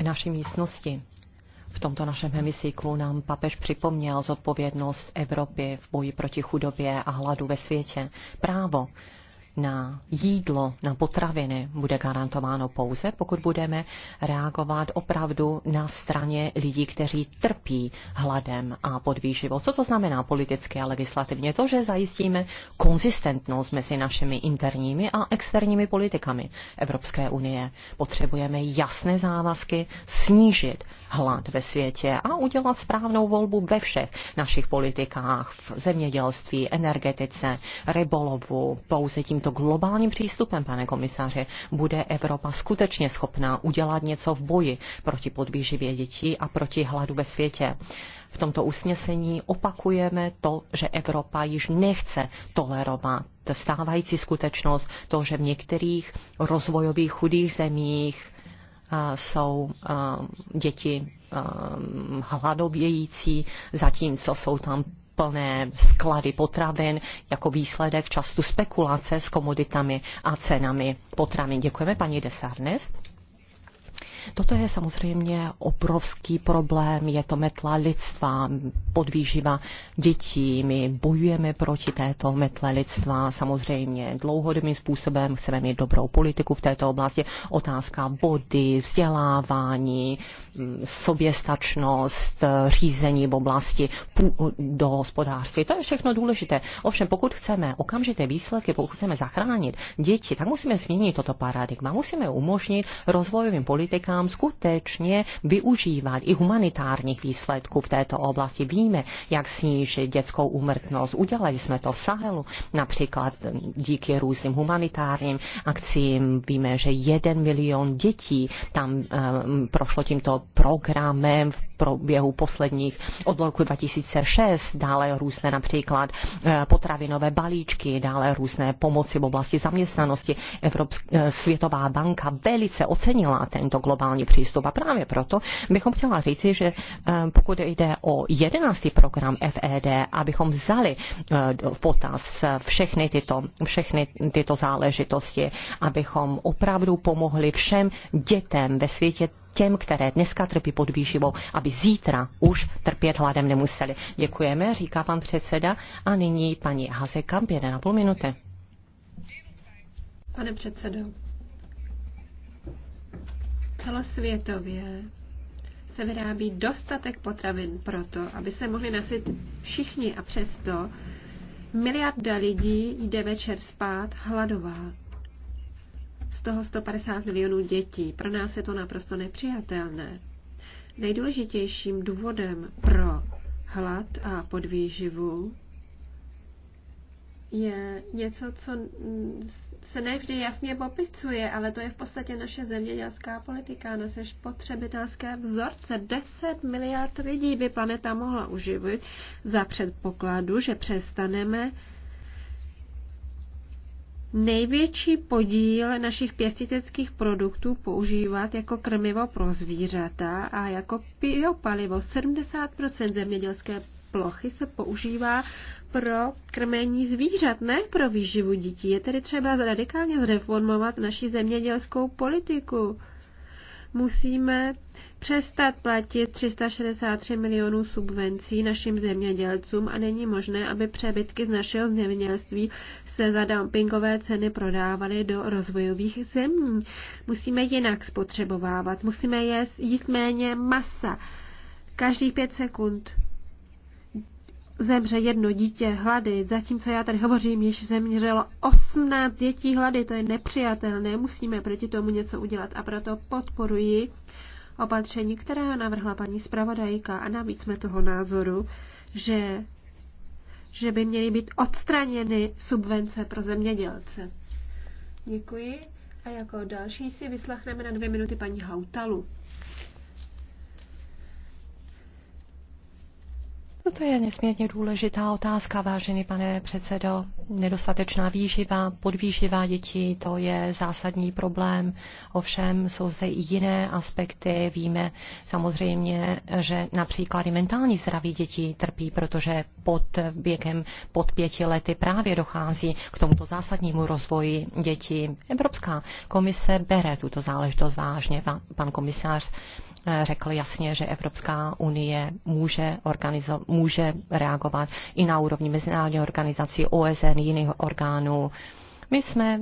Speaker 4: naší místnosti v tomto našem hemicyklu nám papež připomněl zodpovědnost Evropy v boji proti chudobě a hladu ve světě. Právo na jídlo, na potraviny bude garantováno pouze, pokud budeme reagovat opravdu na straně lidí, kteří trpí hladem a podvýživou. Co to znamená politicky a legislativně? To, že zajistíme konzistentnost mezi našimi interními a externími politikami Evropské unie. Potřebujeme jasné závazky snížit hlad ve světě a udělat správnou volbu ve všech našich politikách, v zemědělství, energetice, rybolovu. Pouze tímto globálním přístupem, pane komisaře, bude Evropa skutečně schopná udělat něco v boji proti podvýživě dětí a proti hladu ve světě. V tomto usnesení opakujeme to, že Evropa již nechce tolerovat stávající skutečnost, to, že v některých rozvojových chudých zemích jsou děti hladovějící, zatímco jsou tam plné sklady potravin jako výsledek často spekulace s komoditami a cenami potravin. Děkujeme paní Desarnes. Toto je samozřejmě obrovský problém, je to metla lidstva, podvýživa dětí. My bojujeme proti této metle lidstva samozřejmě dlouhodobým způsobem, chceme mít dobrou politiku v této oblasti. Otázka vody, vzdělávání, mm, soběstačnost, řízení v oblasti do hospodářství. To je všechno důležité. Ovšem, pokud chceme okamžité výsledky, pokud chceme zachránit děti, tak musíme změnit toto paradigma. Musíme umožnit rozvojovým politikám státům skutečně využívat i humanitárních výsledků v této oblasti. Víme, jak snížit dětskou úmrtnost. Udělali jsme to v Sahelu, například díky různým humanitárním akcím. Víme, že jeden milion dětí tam um, prošlo tímto programem v průběhu posledních od roku 2006, dále různé například eh, potravinové balíčky, dále různé pomoci v oblasti zaměstnanosti. Evropská eh, světová banka velice ocenila tento globální přístup a právě proto bychom chtěla říci, že eh, pokud jde o jedenáctý program FED, abychom vzali v potaz všechny tyto, všechny tyto záležitosti, abychom opravdu pomohli všem dětem ve světě těm, které dneska trpí výživou, aby zítra už trpět hladem nemuseli. Děkujeme, říká pan předseda. A nyní paní Hazeka, jeden na půl minuty.
Speaker 3: Pane předsedo, celosvětově se vyrábí dostatek potravin pro to, aby se mohli nasit všichni a přesto miliarda lidí jde večer spát hladová z toho 150 milionů dětí. Pro nás je to naprosto nepřijatelné. Nejdůležitějším důvodem pro hlad a podvýživu je něco, co se nevždy jasně popisuje, ale to je v podstatě naše zemědělská politika, naše spotřebitelské vzorce. 10 miliard lidí by planeta mohla uživit za předpokladu, že přestaneme největší podíl našich pěstiteckých produktů používat jako krmivo pro zvířata a jako biopalivo. 70% zemědělské plochy se používá pro krmení zvířat, ne pro výživu dětí. Je tedy třeba radikálně zreformovat naši zemědělskou politiku. Musíme přestat platit 363 milionů subvencí našim zemědělcům a není možné, aby přebytky z našeho zemědělství se za dumpingové ceny prodávaly do rozvojových zemí. Musíme jinak spotřebovávat, musíme jíst, jíst méně masa. Každých pět sekund zemře jedno dítě hlady, zatímco já tady hovořím, již zemřelo 18 dětí hlady, to je nepřijatelné, musíme proti tomu něco udělat a proto podporuji opatření, která navrhla paní zpravodajka a navíc jsme toho názoru, že, že by měly být odstraněny subvence pro zemědělce. Děkuji. A jako další si vyslechneme na dvě minuty paní Hautalu.
Speaker 4: No to je nesmírně důležitá otázka, vážený pane předsedo. Nedostatečná výživa, podvýživa dětí, to je zásadní problém. Ovšem jsou zde i jiné aspekty. Víme samozřejmě, že například i mentální zdraví dětí trpí, protože pod věkem pod pěti lety právě dochází k tomuto zásadnímu rozvoji dětí. Evropská komise bere tuto záležitost vážně. Pan komisář Eh, řekl jasně, že Evropská unie může, organizo- může reagovat i na úrovni mezinárodní organizací, OSN, jiných orgánů. My jsme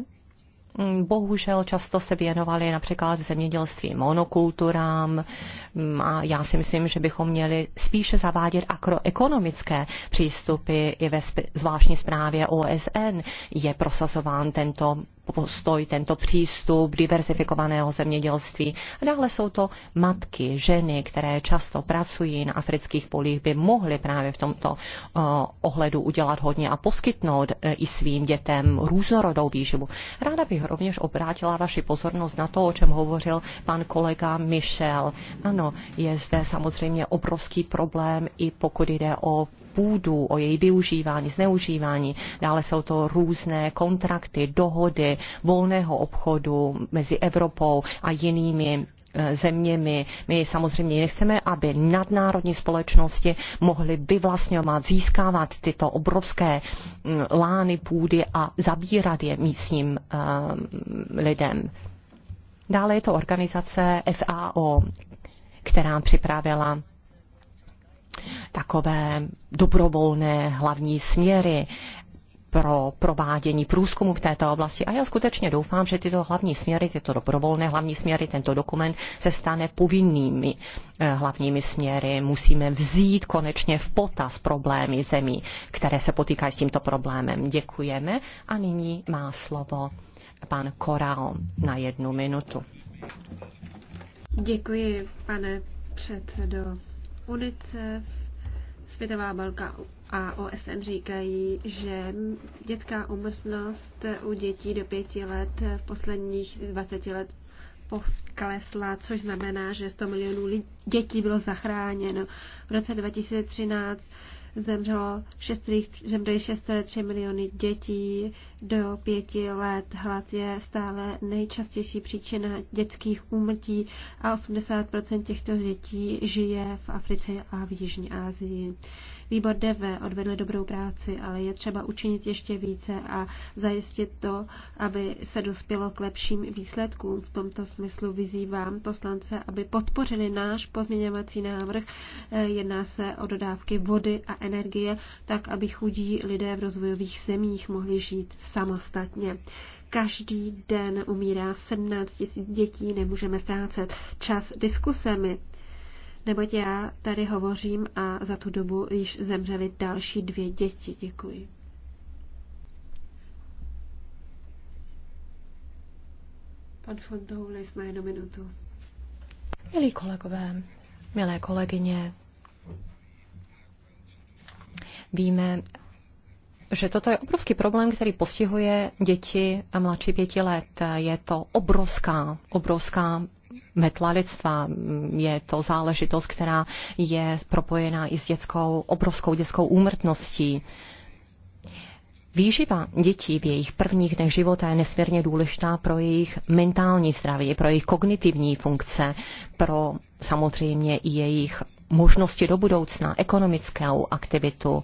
Speaker 4: mm, bohužel často se věnovali například v zemědělství monokulturám mm, a já si myslím, že bychom měli spíše zavádět akroekonomické přístupy i ve zvláštní zprávě OSN je prosazován tento postoj, tento přístup diversifikovaného zemědělství. A dále jsou to matky, ženy, které často pracují na afrických polích, by mohly právě v tomto eh, ohledu udělat hodně a poskytnout eh, i svým dětem různorodou výživu. Ráda bych rovněž obrátila vaši pozornost na to, o čem hovořil pan kolega Michel. Ano, je zde samozřejmě obrovský problém i pokud jde o půdu, o její využívání, zneužívání. Dále jsou to různé kontrakty, dohody volného obchodu mezi Evropou a jinými e, zeměmi. My samozřejmě nechceme, aby nadnárodní společnosti mohly vyvlastňovat, získávat tyto obrovské lány půdy a zabírat je místním e, lidem. Dále je to organizace FAO, která připravila takové dobrovolné hlavní směry pro provádění průzkumu v této oblasti. A já skutečně doufám, že tyto hlavní směry, tyto dobrovolné hlavní směry, tento dokument se stane povinnými eh, hlavními směry. Musíme vzít konečně v potaz problémy zemí, které se potýkají s tímto problémem. Děkujeme a nyní má slovo pan Korao na jednu minutu.
Speaker 3: Děkuji, pane předsedo. UNICEF, Světová balka a OSN říkají, že dětská umrtnost u dětí do pěti let v posledních 20 let poklesla, což znamená, že 100 milionů dětí bylo zachráněno. V roce 2013 zemřelo 6,3 miliony dětí do pěti let. Hlad je stále nejčastější příčina dětských úmrtí a 80% těchto dětí žije v Africe a v Jižní Asii. Výbor DV odvedl dobrou práci, ale je třeba učinit ještě více a zajistit to, aby se dospělo k lepším výsledkům. V tomto smyslu vyzývám poslance, aby podpořili náš pozměňovací návrh. Eh, jedná se o dodávky vody a energie, tak aby chudí lidé v rozvojových zemích mohli žít samostatně každý den umírá 17 tisíc dětí, nemůžeme ztrácet čas diskusemi neboť já tady hovořím a za tu dobu již zemřeli další dvě děti. Děkuji. Pan Fontoulis má jednu minutu.
Speaker 4: Milí kolegové, milé kolegyně, víme, že toto je obrovský problém, který postihuje děti a mladší pěti let. Je to obrovská, obrovská metla lidstva. Je to záležitost, která je propojená i s dětskou, obrovskou dětskou úmrtností. Výživa dětí v jejich prvních dnech života je nesmírně důležitá pro jejich mentální zdraví, pro jejich kognitivní funkce, pro samozřejmě i jejich možnosti do budoucna, ekonomickou aktivitu,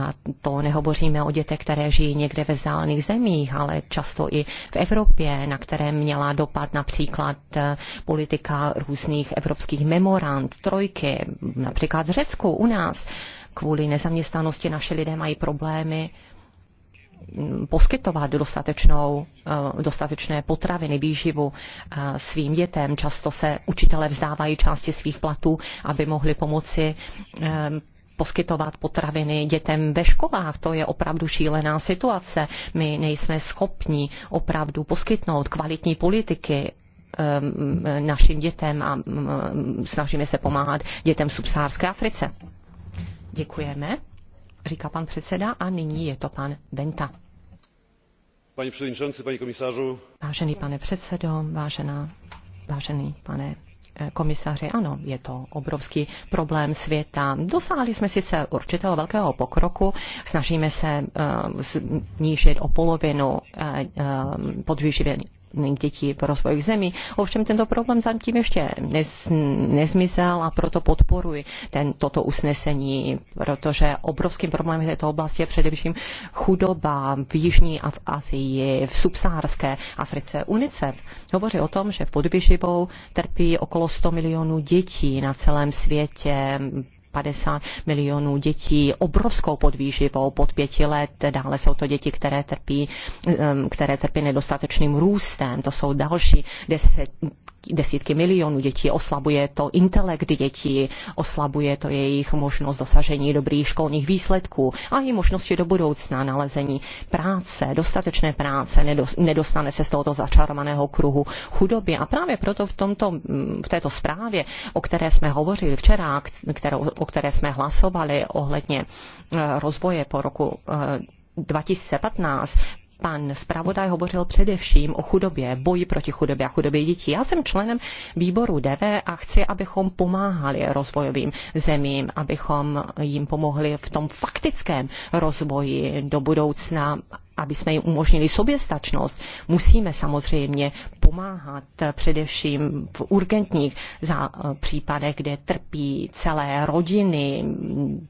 Speaker 4: a to nehovoříme o dětech, které žijí někde ve vzdálených zemích, ale často i v Evropě, na které měla dopad například eh, politika různých evropských memorand, trojky, například v Řecku, u nás. Kvůli nezaměstnanosti naše lidé mají problémy mm, poskytovat dostatečnou, eh, dostatečné potraviny, výživu eh, svým dětem. Často se učitelé vzdávají části svých platů, aby mohli pomoci poskytovat potraviny dětem ve školách. To je opravdu šílená situace. My nejsme schopni opravdu poskytnout kvalitní politiky našim dětem a snažíme se pomáhat dětem v subsárské Africe. Děkujeme, říká pan předseda a nyní je to pan Benta.
Speaker 2: Pane předsedající, pane komisářu.
Speaker 4: Vážený pane předsedo, vážená, vážený pane Eh, komisaři, ano, je to obrovský problém světa. Dosáhli jsme sice určitého velkého pokroku, snažíme se eh, snížit o polovinu eh, podvýživení dětí v rozvojových zemí. Ovšem tento problém zatím ještě nez, nezmizel a proto podporuji ten, toto usnesení, protože obrovským problémem této oblasti je především chudoba v Jižní a v Asii, v subsárské Africe. UNICEF hovoří o tom, že pod vyživou trpí okolo 100 milionů dětí na celém světě, 50 milionů dětí obrovskou podvýživou pod pěti let. Dále jsou to děti, které trpí, um, které trpí nedostatečným růstem. To jsou další 10 desítky milionů dětí, oslabuje to intelekt dětí, oslabuje to jejich možnost dosažení dobrých školních výsledků a i možnosti do budoucna nalezení práce, dostatečné práce, nedostane se z tohoto začarovaného kruhu chudoby. A právě proto v, tomto, v této zprávě, o které jsme hovořili včera, kterou, o které jsme hlasovali ohledně eh, rozvoje po roku 2015 eh, pan zpravodaj hovořil především o chudobě, boji proti chudobě a chudobě dětí. Já jsem členem výboru DV a chci, abychom pomáhali rozvojovým zemím, abychom jim pomohli v tom faktickém rozvoji do budoucna, aby jsme jim umožnili soběstačnost, musíme samozřejmě pomáhat eh, především v urgentních za eh, případech, kde trpí celé rodiny,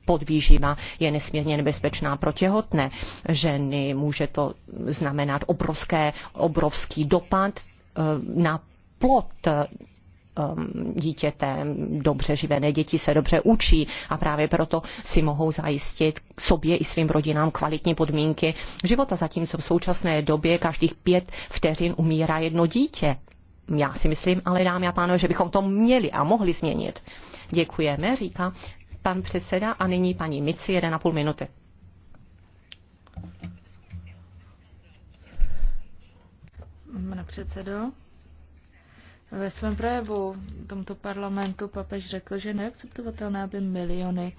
Speaker 4: podvýživa je nesmírně nebezpečná pro těhotné ženy, může to znamenat obrovské, obrovský dopad eh, na plot Um, dítěte. Dobře živené děti se dobře učí a právě proto si mohou zajistit sobě i svým rodinám kvalitní podmínky života, zatímco v současné době každých pět vteřin umírá jedno dítě. Já si myslím, ale dámy a pánové, že bychom to měli a mohli změnit. Děkujeme, říká pan předseda a nyní paní Mici, půl minuty.
Speaker 1: Pane předsedo, ve svém projevu tomto parlamentu papež řekl, že neakceptovatelné, aby miliony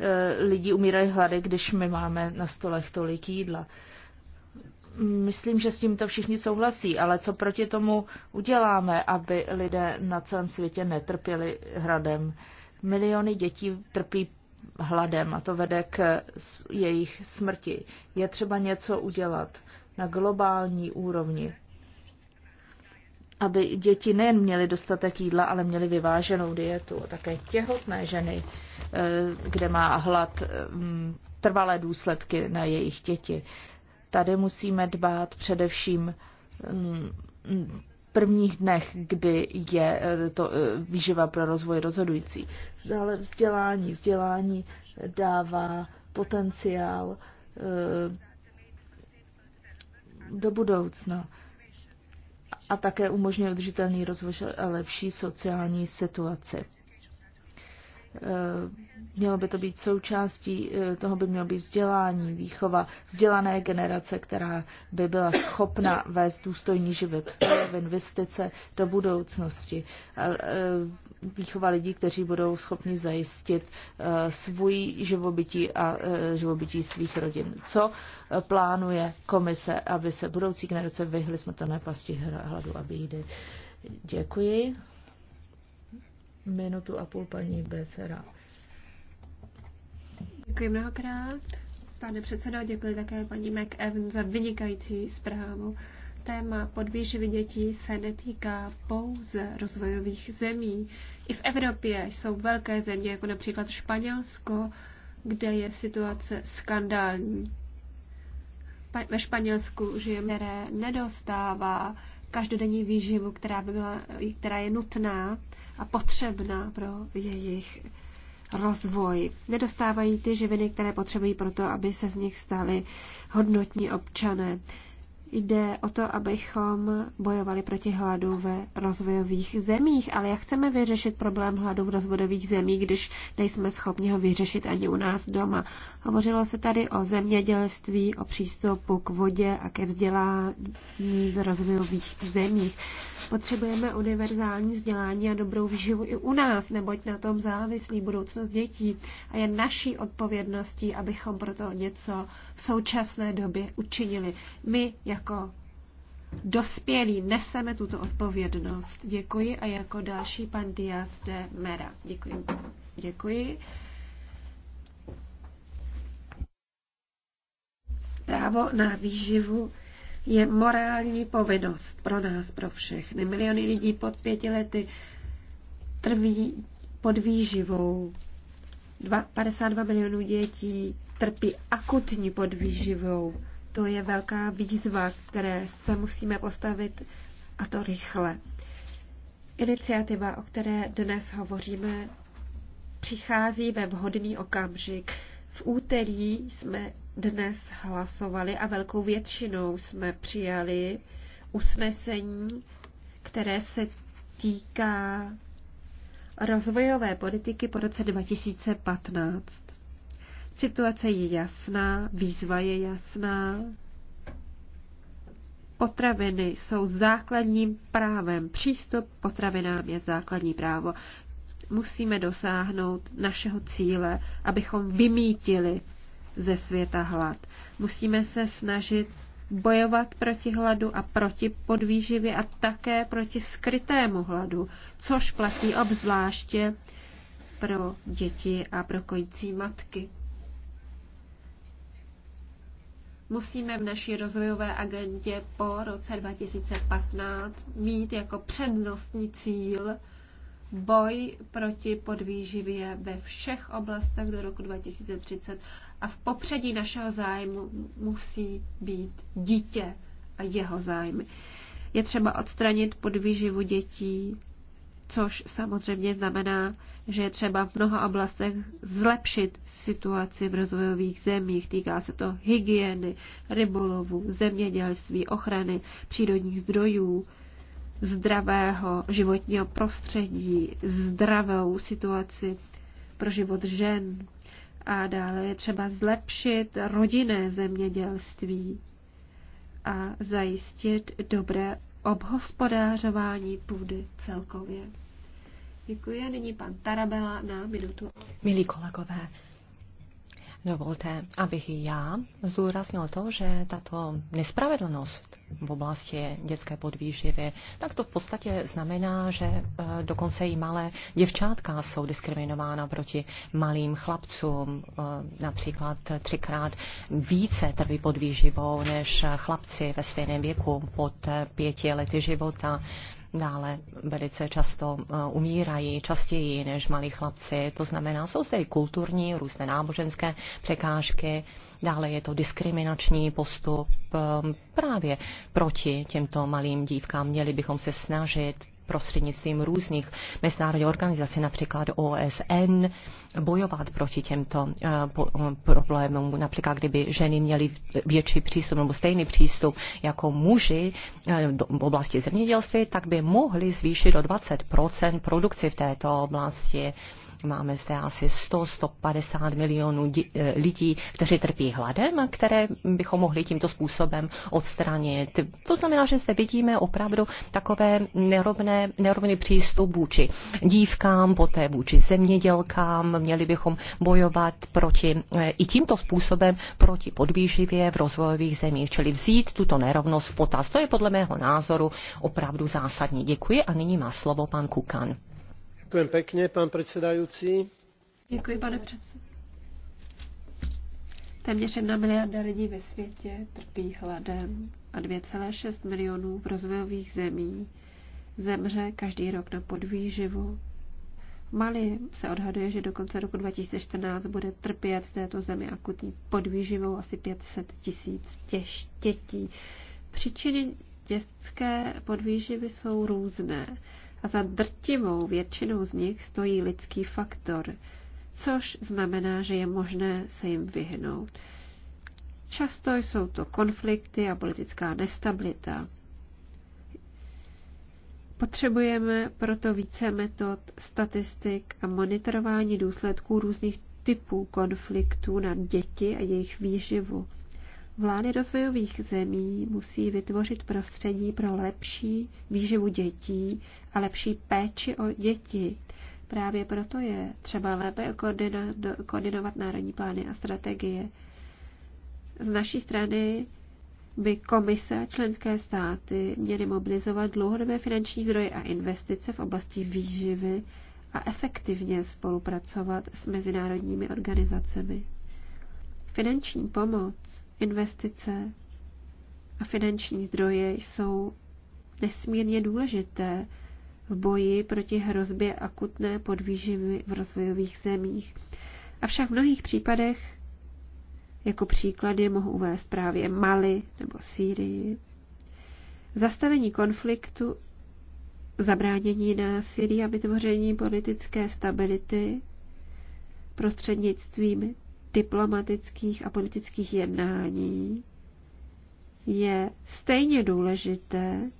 Speaker 1: eh, lidí umírají hlady, když my máme na stolech tolik jídla. Myslím, že s tímto všichni souhlasí, ale co proti tomu uděláme, aby lidé na celém světě netrpěli hradem? Miliony dětí trpí hladem a to vede k jejich smrti. Je třeba něco udělat na globální úrovni aby děti nejen měly dostatek jídla, ale měly vyváženou dietu. Také těhotné ženy, eh, kde má hlad mm, trvalé důsledky na jejich děti. Tady musíme dbát především mm, mm, prvních dnech, kdy je eh, to eh, výživa pro rozvoj rozhodující. Dále vzdělání. Vzdělání dává potenciál do budoucna a také umožňuje udržitelný rozvoj a lepší sociální situaci. Eh, mělo by to být součástí, eh, toho by mělo být vzdělání, výchova vzdělané generace, která by byla schopna vést důstojný život. To je v investice do budoucnosti. Eh, výchova lidí, kteří budou schopni zajistit svůj živobytí a živobytí svých rodin. Co plánuje komise, aby se budoucí generace vyhly smrtelné pasti hladu a bídy? Děkuji minutu a půl paní Becera.
Speaker 3: Děkuji mnohokrát. Pane předsedo, děkuji také paní McEvan za vynikající zprávu. Téma podvýživy dětí se netýká pouze rozvojových zemí. I v Evropě jsou velké země, jako například Španělsko, kde je situace skandální. Ve Španělsku žijeme, které nedostává každodenní výživu, která, by byla, která je nutná a potřebná pro jejich rozvoj. Nedostávají ty živiny, které potřebují proto, aby se z nich stali hodnotní občané. Jde o to, abychom bojovali proti hladu ve rozvojových zemích, ale jak chceme vyřešit problém hladu v rozvojových zemích, když nejsme schopni ho vyřešit ani u nás doma. Hovořilo se tady o zemědělství, o přístupu k vodě a ke vzdělání v rozvojových zemích. Potřebujeme univerzální vzdělání a dobrou výživu i u nás, neboť na tom závislí budoucnost dětí a je naší odpovědností, abychom proto něco v současné době učinili. My jako jako dospělí neseme tuto odpovědnost. Děkuji a jako další pan Diaz de Mera. Děkuji. Děkuji. Právo na výživu je morální povinnost pro nás, pro všechny. Miliony lidí pod pěti lety trví pod výživou. 52 milionů dětí trpí akutní pod výživou. To je velká výzva, které se musíme postavit a to rychle. Iniciativa, o které dnes hovoříme, přichází ve vhodný okamžik. V úterý jsme dnes hlasovali a velkou většinou jsme přijali usnesení, které se týká rozvojové politiky po roce 2015. Situace je jasná, výzva je jasná. Potraviny jsou základním právem. Přístup k potravinám je základní právo. Musíme dosáhnout našeho cíle, abychom vymítili ze světa hlad. Musíme se snažit bojovat proti hladu a proti podvýživě a také proti skrytému hladu, což platí obzvláště pro děti a pro kojící matky. musíme v naší rozvojové agendě po roce 2015 mít jako přednostní cíl boj proti podvýživě ve všech oblastech do roku 2030 a v popředí našeho zájmu musí být dítě a jeho zájmy. Je třeba odstranit podvýživu dětí, což samozřejmě znamená, že je třeba v mnoha oblastech zlepšit situaci v rozvojových zemích. Týká se to hygieny, rybolovu, zemědělství, ochrany přírodních zdrojů, zdravého životního prostředí, zdravou situaci pro život žen. A dále je třeba zlepšit rodinné zemědělství a zajistit dobré obhospodářování půdy celkově. Děkuji. A nyní pan Tarabela na minutu.
Speaker 4: Milí kolegové, dovolte, abych i já zdůraznil to, že tato nespravedlnost v oblasti dětské podvýživy, tak to v podstatě znamená, že eh, dokonce i malé děvčátka jsou diskriminována proti malým chlapcům. Eh, například třikrát více trpí podvýživou než chlapci ve stejném věku pod eh, pěti lety života dále velice často eh, umírají, častěji než malí chlapci. To znamená, jsou zde i kulturní, různé náboženské překážky, dále je to diskriminační postup eh, právě proti těmto malým dívkám. Měli bychom se snažit prostřednictvím různých mezinárodních organizací, například OSN, bojovat proti těmto eh, eh, problémům. Například, kdyby ženy měly větší přístup nebo stejný přístup jako muži eh, v oblasti zemědělství, tak by mohly zvýšit o 20 produkci v této oblasti. Máme zde asi 100-150 milionů eh, lidí, kteří trpí hladem a které bychom mohli tímto způsobem odstranit. To znamená, že zde vidíme opravdu takové nerovné, nerovný přístup vůči dívkám, poté vůči zemědělkám. Měli bychom bojovat proti, eh, i tímto způsobem proti podvýživě v rozvojových zemích, čili vzít tuto nerovnost v potaz. To je podle mého názoru opravdu zásadní. Děkuji a nyní má slovo pan Kukan.
Speaker 3: Děkuji Děkuji, pane Téměř jedna miliarda lidí ve světě trpí hladem a 2,6 milionů v rozvojových zemí zemře každý rok na podvýživu. V Mali se odhaduje, že do konce roku 2014 bude trpět v této zemi akutní podvýživou asi 500 tisíc dětí. Příčiny dětské podvýživy jsou různé a za drtivou většinou z nich stojí lidský faktor, což znamená, že je možné se jim vyhnout. Často jsou to konflikty a politická nestabilita. Potřebujeme proto více metod, statistik a monitorování důsledků různých typů konfliktů na děti a jejich výživu. Vlády rozvojových zemí musí vytvořit prostředí pro lepší výživu dětí a lepší péči o děti. Právě proto je třeba lépe koordinovat národní plány a strategie. Z naší strany by komise a členské státy měly mobilizovat dlouhodobé finanční zdroje a investice v oblasti výživy a efektivně spolupracovat s mezinárodními organizacemi. Finanční pomoc investice a finanční zdroje jsou nesmírně důležité v boji proti hrozbě akutné podvýživy v rozvojových zemích. Avšak v mnohých případech jako příklady mohu uvést právě Mali nebo Sýrii. Zastavení konfliktu, zabránění násilí a vytvoření politické stability prostřednictvím diplomatických a politických jednání je stejně důležité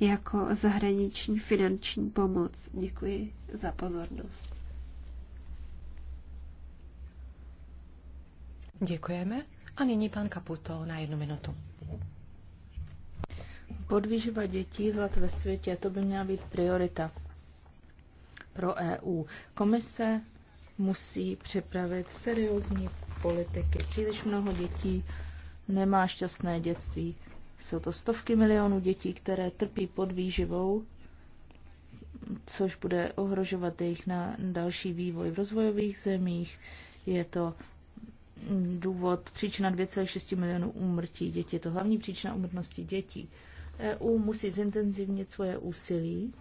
Speaker 3: jako zahraniční finanční pomoc. Děkuji za pozornost.
Speaker 4: Děkujeme. A nyní pan Kaputo na jednu minutu.
Speaker 1: Podvýživa dětí hlad ve světě, to by měla být priorita pro EU. Komise musí připravit seriózní politiky. Příliš mnoho dětí nemá šťastné dětství. Jsou to stovky milionů dětí, které trpí pod výživou, což bude ohrožovat jejich na další vývoj v rozvojových zemích. Je to důvod, příčina 2,6 milionů úmrtí dětí. Je to hlavní příčina úmrtnosti dětí. EU musí zintenzivnit svoje úsilí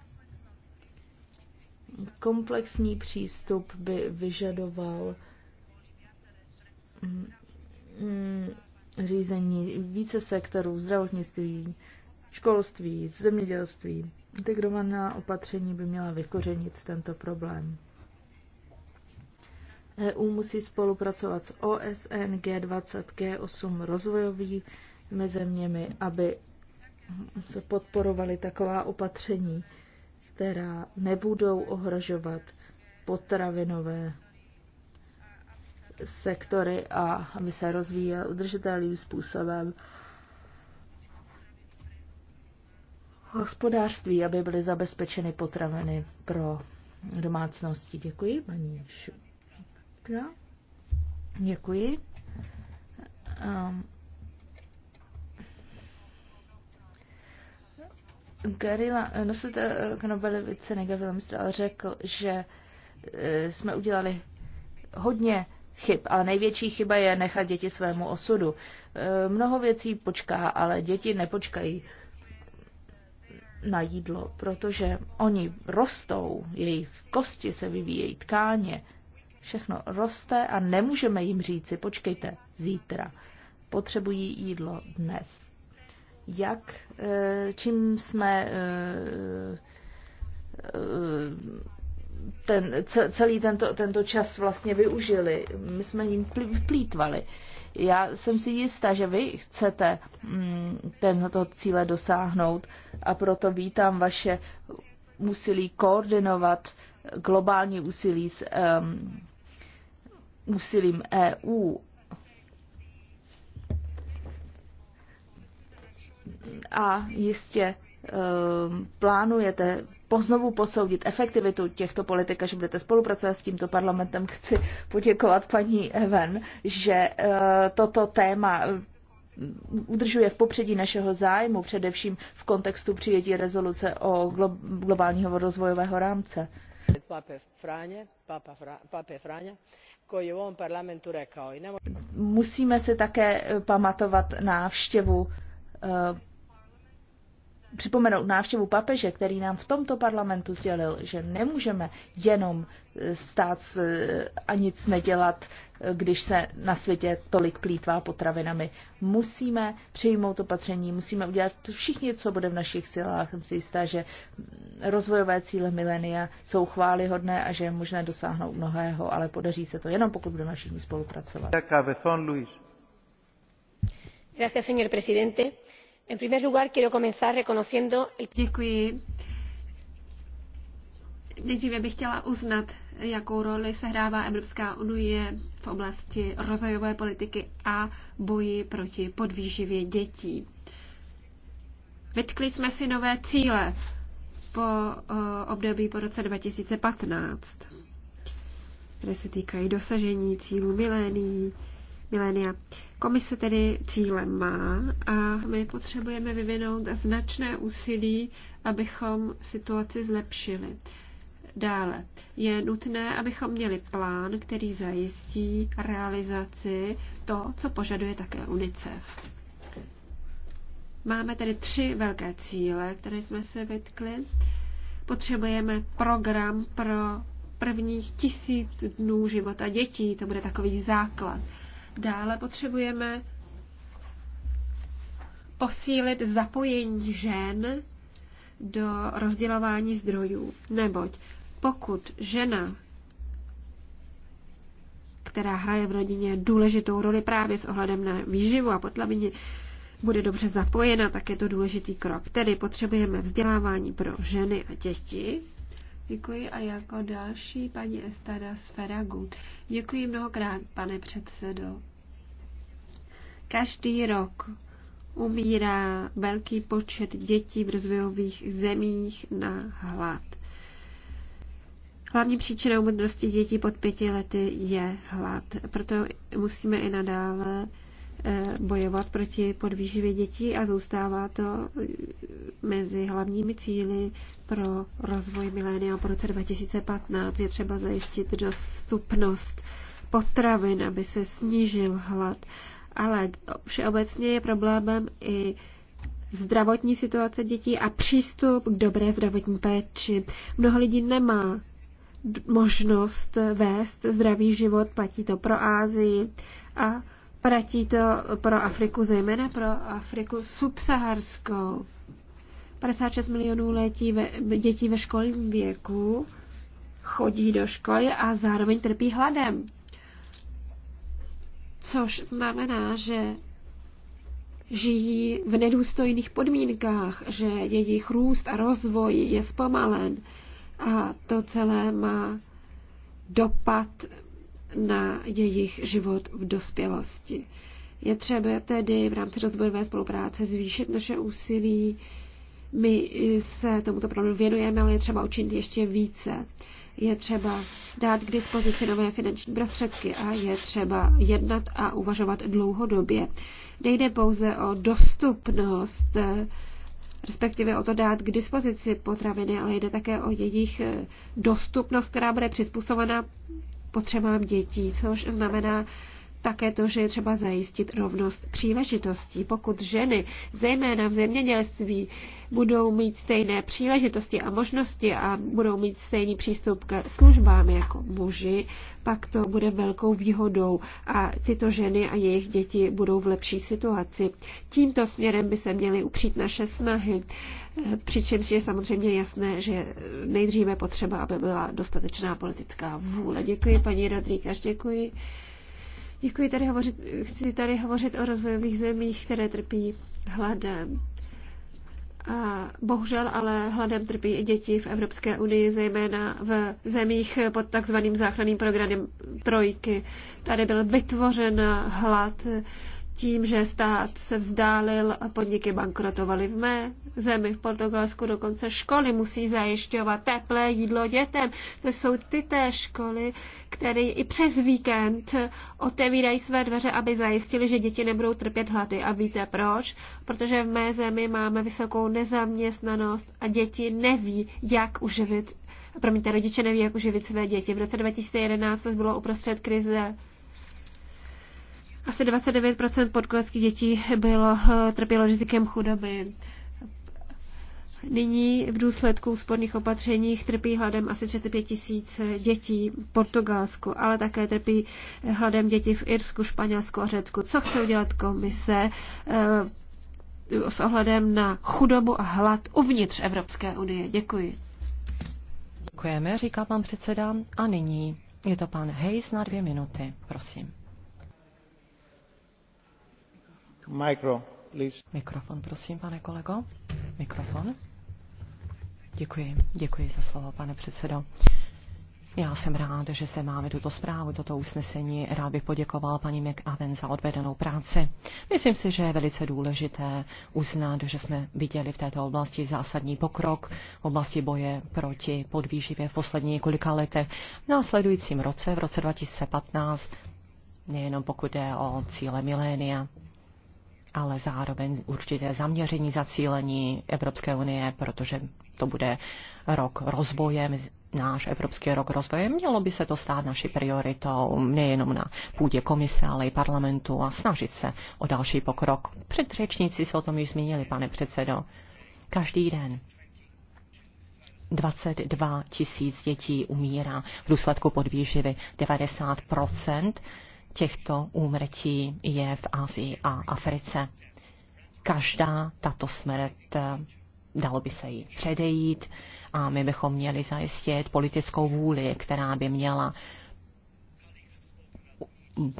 Speaker 1: Komplexní přístup by vyžadoval mm, mm, řízení více sektorů, zdravotnictví, školství, zemědělství. Integrovaná opatření by měla vykořenit tento problém. EU musí spolupracovat s OSN, G20, G8 rozvojovými zeměmi, aby se podporovaly taková opatření která nebudou ohrožovat potravinové sektory a aby se rozvíjel udržitelným způsobem hospodářství, aby byly zabezpečeny potraviny pro domácnosti. Děkuji, paní Šupka. Děkuji. Um, Garila, eh, nositel eh, k Nobelově ceny Gavrila Mistral řekl, že eh, jsme udělali hodně chyb, ale největší chyba je nechat děti svému osudu. Mnoho věcí počká, ale děti nepočkají na jídlo, protože oni rostou, jejich kosti se vyvíjejí, tkáně, všechno roste a nemůžeme jim říci, počkejte, zítra. Potřebují jídlo dnes jak, eh, čím jsme eh, eh, ten, celý tento, tento čas vlastně využili. My jsme jim vplýtvali. Já jsem si jistá, že vy chcete mm, tento cíle dosáhnout a proto vítám vaše úsilí koordinovat globální úsilí s um, úsilím EU a jistě ehm, plánujete poznovu posoudit efektivitu těchto politik, až budete spolupracovat s tímto parlamentem, chci poděkovat paní Even, že eh, toto téma eh, udržuje v popředí našeho zájmu, především v kontextu přijetí rezoluce o globálního rozvojového rámce. Pape Fráně, Papa Fra, Pape Fráně, Musíme si také eh, pamatovat návštěvu připomenout návštěvu papeže, který nám v tomto parlamentu sdělil, že nemůžeme jenom eh, stát eh, a nic nedělat, eh, když se na světě tolik plítvá potravinami. Musíme přijmout opatření, musíme udělat všichni, co bude v našich silách. Jsem si jistá, že rozvojové cíle milenia jsou chválihodné a že je možné dosáhnout mnohého, ale podaří se to jenom, pokud budeme všichni spolupracovat.
Speaker 3: Gracias, señor presidente en primer lugar quiero comenzar reconociendo el. Nejdříve bych chtěla uznat, jakou roli sehrává Evropská unie v oblasti rozvojové politiky a boji proti podvýživě dětí. Vytkli jsme si nové cíle po období po roce 2015, které se týkají dosažení cílů milénií, milénia. Komise tedy cíle má a my potřebujeme vyvinout značné úsilí, abychom situaci zlepšili. Dále je nutné, abychom měli plán, který zajistí realizaci to, co požaduje také UNICEF. Máme tedy tři velké cíle, které jsme se vytkli. Potřebujeme program pro prvních tisíc dnů života dětí, to bude takový základ. Dále potřebujeme posílit zapojení žen do rozdělování zdrojů, neboť pokud žena, která hraje v rodině důležitou roli právě s ohledem na výživu a potlavení, bude dobře zapojena, tak je to důležitý krok. Tedy potřebujeme vzdělávání pro ženy a děti, Děkuji a jako další paní Estada z Feragu. Děkuji mnohokrát, pane předsedo. Každý rok umírá velký počet dětí v rozvojových zemích na hlad. Hlavní příčinou mudrosti dětí pod pěti lety je hlad. Proto musíme i nadále Eh, bojovat proti podvýživě dětí a zůstává to eh, mezi hlavními cíly pro rozvoj milénia po roce 2015. Je třeba zajistit dostupnost potravin, aby se snížil hlad. Ale všeobecně je problémem i zdravotní situace dětí a přístup k dobré zdravotní péči. Mnoho lidí nemá možnost vést zdravý život, platí to pro Ázii a Platí to pro Afriku, zejména pro Afriku subsaharskou. 56 milionů letí ve, dětí ve školním věku chodí do školy a zároveň trpí hladem. Což znamená, že žijí v nedůstojných podmínkách, že jejich růst a rozvoj je zpomalen a to celé má dopad na jejich život v dospělosti. Je třeba tedy v rámci rozvojové spolupráce zvýšit naše úsilí. My se tomuto problému věnujeme, ale je třeba učinit ještě více. Je třeba dát k dispozici nové finanční prostředky a je třeba jednat a uvažovat dlouhodobě. Nejde pouze o dostupnost, respektive o to dát k dispozici potraviny, ale jde také o jejich dostupnost, která bude přizpůsobena potřebám dětí, což znamená také to, že je třeba zajistit rovnost příležitostí. Pokud ženy, zejména v zemědělství, budou mít stejné příležitosti a možnosti a budou mít stejný přístup k službám jako muži, pak to bude velkou výhodou a tyto ženy a jejich děti budou v lepší situaci. Tímto směrem by se měly upřít naše snahy, přičemž je samozřejmě jasné, že nejdříve potřeba, aby byla dostatečná politická vůle. Děkuji paní Rodríkaš, děkuji. Děkuji tady hovořit, chci tady hovořit o rozvojových zemích, které trpí hladem. A bohužel ale hladem trpí i děti v Evropské unii, zejména v zemích pod takzvaným záchranným programem Trojky. Tady byl vytvořen hlad tím, že stát se vzdálil a podniky bankrotovaly v mé zemi, v Portugalsku dokonce školy musí zajišťovat teplé jídlo dětem. To jsou ty té školy, které i přes víkend otevírají své dveře, aby zajistili, že děti nebudou trpět hlady. A víte proč? Protože v mé zemi máme vysokou nezaměstnanost a děti neví, jak uživit, promiňte, rodiče neví, jak uživit své děti. V roce 2011 to bylo uprostřed krize asi 29% podkoleckých dětí bylo, eh, trpělo rizikem chudoby. Nyní v důsledku úsporných opatření trpí hladem asi 35 tisíc dětí v Portugalsku, ale také trpí eh, hladem děti v Irsku, Španělsku a Řecku. Co chce udělat komise eh, s ohledem na chudobu a hlad uvnitř Evropské unie? Děkuji.
Speaker 4: Děkujeme, říká pan předseda. A nyní je to pan Hejs na dvě minuty, prosím. Micro, Mikrofon, prosím, pane kolego. Mikrofon. Děkuji, děkuji za slovo, pane předsedo. Já jsem rád, že se máme tuto zprávu, toto usnesení. Rád bych poděkoval paní McAven za odvedenou práci. Myslím si, že je velice důležité uznat, že jsme viděli v této oblasti zásadní pokrok v oblasti boje proti podvýživě v posledních několika letech. V následujícím roce, v roce 2015, nejenom pokud jde o cíle milénia, ale zároveň určité zaměření, zacílení Evropské unie, protože to bude rok rozvoje, náš Evropský rok rozvoje. Mělo by se to stát naší prioritou nejenom na půdě komise, ale i parlamentu a snažit se o další pokrok. Předřečníci se o tom již zmínili, pane předsedo. Každý den 22 tisíc dětí umírá v důsledku podvýživy. 90 těchto úmrtí je v Asii a Africe. Každá tato smrt eh, dalo by se jí předejít a my bychom měli zajistit politickou vůli, která by měla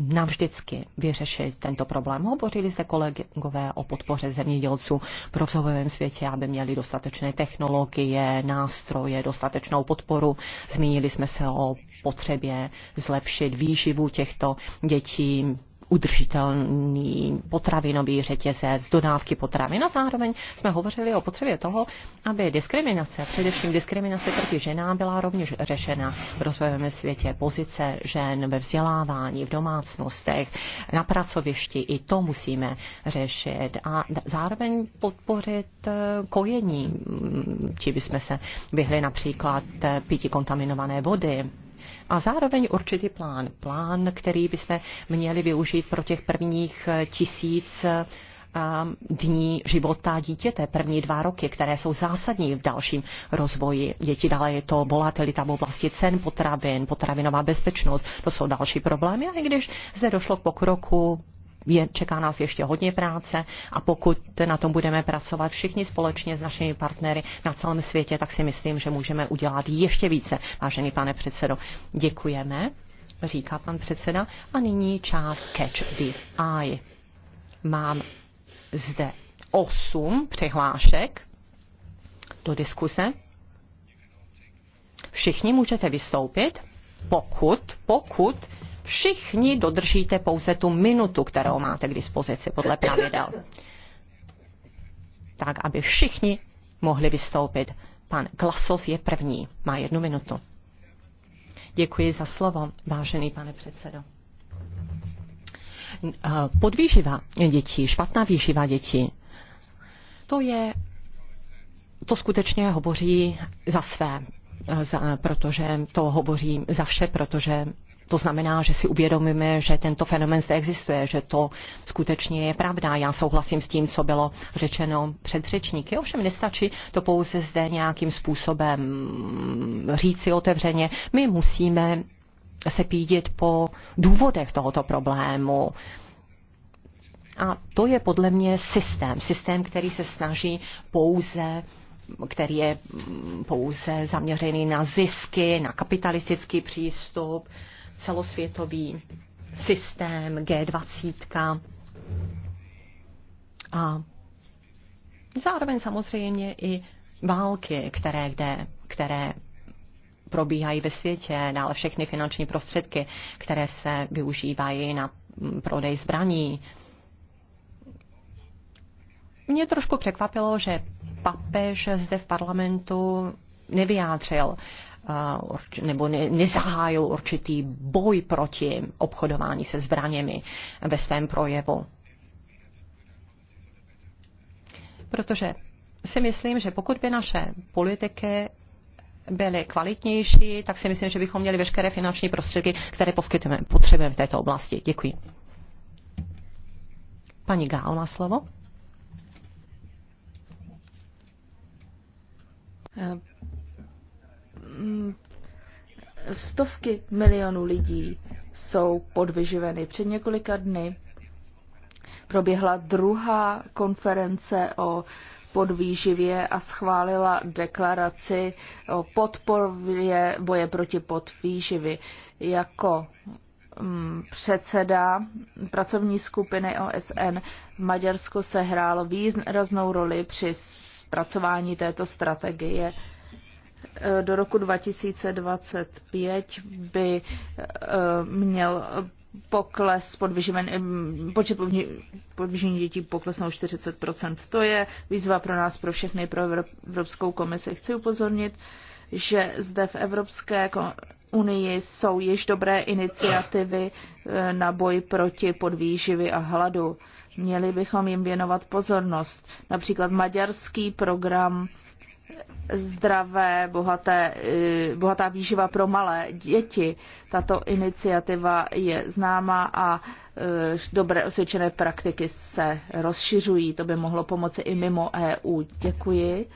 Speaker 4: navždycky vyřešit tento problém. Hovořili se kolegové o podpoře zemědělců v rozvojovém světě, aby měli dostatečné technologie, nástroje, dostatečnou podporu. Zmínili jsme se o potřebě zlepšit výživu těchto dětí, udržitelný potravinový řetězec, dodávky potravin a zároveň jsme hovořili o potřebě toho, aby diskriminace, především diskriminace proti ženám byla rovněž řešena v rozvojovém světě. Pozice žen ve vzdělávání, v domácnostech, na pracovišti, i to musíme řešit a zároveň podpořit eh, kojení, či hm, bychom se vyhli například eh, pití kontaminované vody, a zároveň určitý plán. Plán, který bychom měli využít pro těch prvních eh, tisíc eh, dní života dítěte, první dva roky, které jsou zásadní v dalším rozvoji děti. Dále je to volatilita v oblasti cen potravin, potravinová bezpečnost, to jsou další problémy. A i když zde došlo k pokroku, je, čeká nás ještě hodně práce a pokud na tom budeme pracovat všichni společně s našimi partnery na celém světě, tak si myslím, že můžeme udělat ještě více. Vážený pane předsedo, děkujeme, říká pan předseda. A nyní část Catch the Eye. Mám zde osm přihlášek do diskuse. Všichni můžete vystoupit, pokud, pokud všichni dodržíte pouze tu minutu, kterou máte k dispozici podle pravidel. Tak, aby všichni mohli vystoupit. Pan Glasos je první, má jednu minutu. Děkuji za slovo, vážený pane předsedo. Eh, podvýživa dětí, špatná výživa dětí, to je, to skutečně hovoří za své, eh, za, protože to hovoří za vše, protože to znamená, že si uvědomíme, že tento fenomen zde existuje, že to skutečně je pravda. Já souhlasím s tím, co bylo řečeno před řečníky. Ovšem nestačí to pouze zde nějakým způsobem říci otevřeně. My musíme se pídit po důvodech tohoto problému. A to je podle mě systém. Systém, který se snaží pouze který je pouze zaměřený na zisky, na kapitalistický přístup, celosvětový systém G20. A zároveň samozřejmě i války, které, kde, které probíhají ve světě, dále všechny finanční prostředky, které se využívají na prodej zbraní. Mě trošku překvapilo, že papež zde v parlamentu nevyjádřil nebo ne, nezahájil určitý boj proti obchodování se zbraněmi ve svém projevu. Protože si myslím, že pokud by naše politiky byly kvalitnější, tak si myslím, že bychom měli veškeré finanční prostředky, které poskytujeme, potřebujeme v této oblasti. Děkuji. Paní Gál má slovo.
Speaker 1: Eh, Mm, stovky milionů lidí jsou podvyživeny. Před několika dny proběhla druhá konference o podvýživě a schválila deklaraci o podporě boje proti podvýživy. Jako mm, předseda pracovní skupiny OSN v Maďarsku se hrálo výraznou roli při zpracování této strategie Eh, do roku 2025 by eh, měl pokles podvyživen, eh, počet podvyživených dětí poklesnou 40 To je výzva pro nás, pro všechny, pro Evropskou komisi. Chci upozornit, že zde v Evropské unii jsou již dobré iniciativy na boj proti podvýživy a hladu. Měli bychom jim věnovat pozornost. Například maďarský program zdravé, bohaté, eh, bohatá výživa pro malé děti. Tato iniciativa je známá a eh, dobré osvědčené praktiky se rozšiřují. To by mohlo pomoci i mimo EU. Děkuji.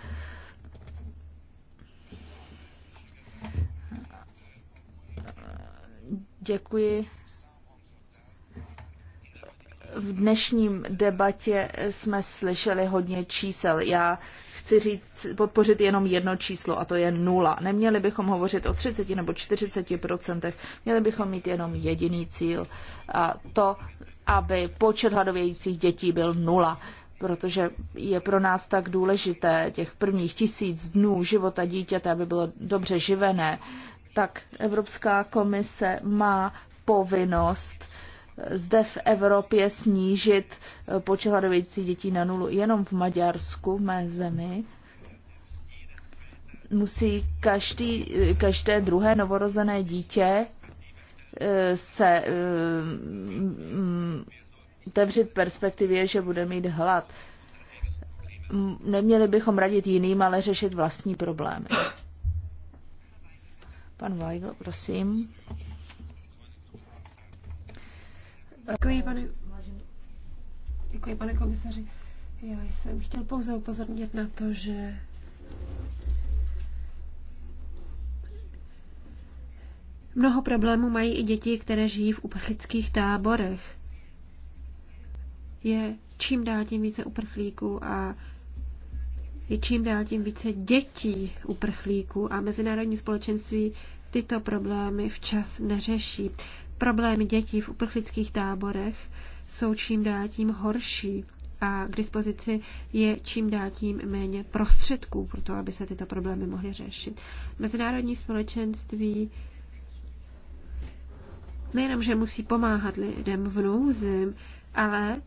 Speaker 1: Děkuji. V dnešním debatě jsme slyšeli hodně čísel. Já chci říct, podpořit jenom jedno číslo a to je nula. Neměli bychom hovořit o 30 nebo 40 procentech, měli bychom mít jenom jediný cíl a to, aby počet hladovějících dětí byl nula protože je pro nás tak důležité těch prvních tisíc dnů života dítěte, aby bylo dobře živené, tak Evropská komise má povinnost zde v Evropě snížit eh, počet hladovějících dětí na nulu. Jenom v Maďarsku, v mé zemi, musí každý, eh, každé druhé novorozené dítě eh, se mm, otevřít perspektivě, že bude mít hlad. Neměli bychom radit jiným, ale řešit vlastní problémy. Pan Weigl, prosím.
Speaker 3: Děkuji, pane, děkuji, pane komisaři. Já jsem chtěl pouze upozornit na to, že mnoho problémů mají i děti, které žijí v uprchlických táborech. Je čím dál tím více uprchlíků a je čím dál tím více dětí uprchlíků a mezinárodní společenství tyto problémy včas neřeší. Problémy dětí v uprchlických táborech jsou čím dál tím horší a k dispozici je čím dál tím méně prostředků pro to, aby se tyto problémy mohly řešit. Mezinárodní společenství nejenom, že musí pomáhat lidem v nouzi, ale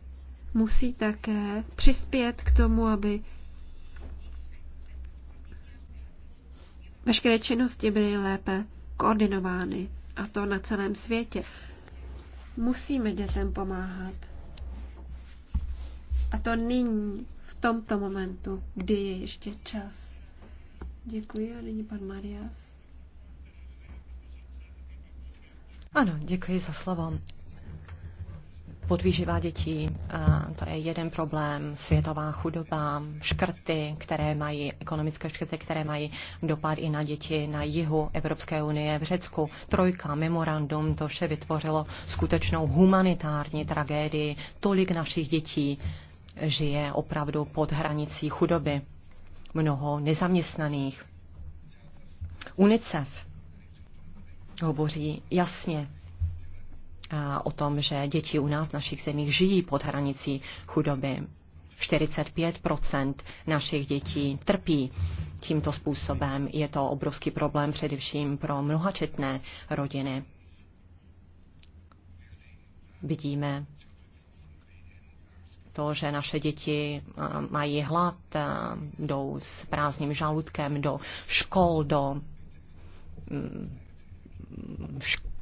Speaker 3: musí také přispět k tomu, aby veškeré činnosti byly lépe koordinovány. A to na celém světě. Musíme dětem pomáhat. A to nyní, v tomto momentu, kdy je ještě čas. Děkuji a nyní pan Marias.
Speaker 4: Ano, děkuji za slovo podvýživa dětí, to je jeden problém, světová chudoba, škrty, které mají, ekonomické škrty, které mají dopad i na děti na jihu Evropské unie v Řecku. Trojka, memorandum, to vše vytvořilo skutečnou humanitární tragédii. Tolik našich dětí žije opravdu pod hranicí chudoby. Mnoho nezaměstnaných. UNICEF hovoří jasně o tom, že děti u nás v našich zemích žijí pod hranicí chudoby. 45 našich dětí trpí tímto způsobem. Je to obrovský problém především pro mnohačetné rodiny. Vidíme to, že naše děti mají hlad, jdou s prázdným žaludkem do škol, do mm, škol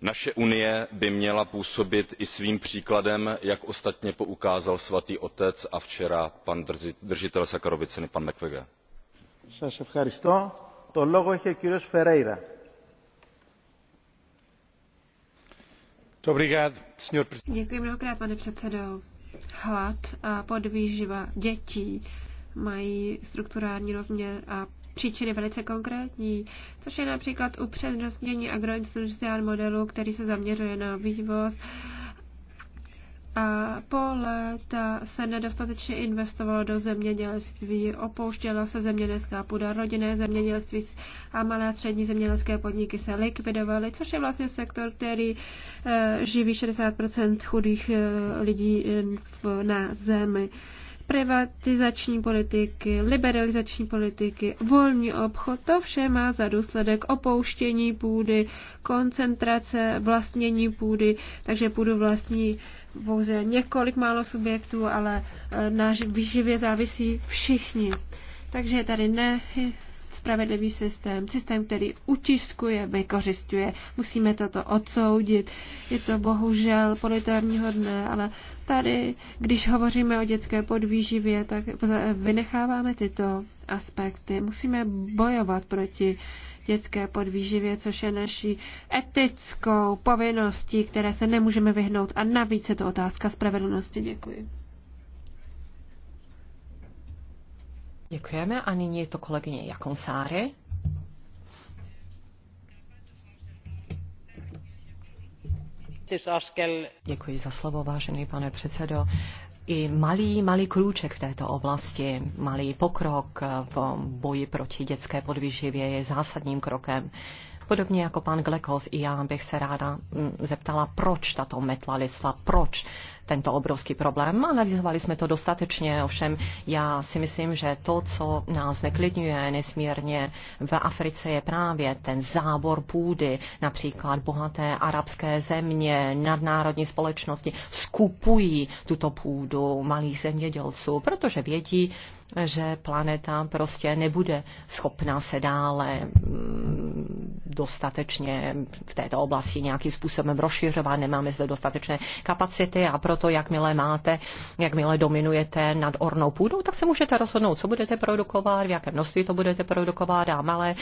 Speaker 2: naše unie by měla působit i svým příkladem jak ostatně poukázal svatý otec a včera pan držitel sacharovovy ceny pan mukwege.
Speaker 3: pane předsedající Hlad a podvýživa dětí mají strukturální rozměr a příčiny velice konkrétní, což je například upřednostnění agroinstitucionální modelu, který se zaměřuje na vývoz a po léta se nedostatečně investovalo do zemědělství, opouštěla se zemědělská půda, rodinné zemědělství a malé a střední zemědělské podniky se likvidovaly, což je vlastně sektor, který eh, živí 60 chudých eh, lidí eh, na zemi privatizační politiky, liberalizační politiky, volný obchod, to vše má za důsledek opouštění půdy, koncentrace vlastnění půdy, takže půdu vlastní pouze několik málo subjektů, ale eh, na výživě závisí všichni. Takže je tady ne spravedlivý systém, systém, který utiskuje, vykořistuje. Musíme toto odsoudit. Je to bohužel politovní hodné, ale tady, když hovoříme o dětské podvýživě, tak vynecháváme tyto aspekty. Musíme bojovat proti dětské podvýživě, což je naší etickou povinností, které se nemůžeme vyhnout. A navíc je to otázka spravedlnosti. Děkuji.
Speaker 4: Děkujeme a nyní je to kolegyně Jakonsáry. Děkuji za slovo, vážený pane předsedo. I malý, malý krůček v této oblasti, malý pokrok v boji proti dětské podvýživě je zásadním krokem. Podobně jako pan Glekos, i já bych se ráda mm, zeptala, proč tato metla listva, proč tento obrovský problém. Analyzovali jsme to dostatečně, ovšem já si myslím, že to, co nás neklidňuje nesmírně v Africe, je právě ten zábor půdy, například bohaté arabské země, nadnárodní společnosti skupují tuto půdu malých zemědělců, protože vědí, že planeta prostě nebude schopná se dále mm, dostatečně v této oblasti nějakým způsobem rozšiřovat, nemáme zde dostatečné kapacity a proto to, jakmile máte, jakmile dominujete nad ornou půdou, tak se můžete rozhodnout, co budete produkovat, v jaké množství to budete produkovat a malé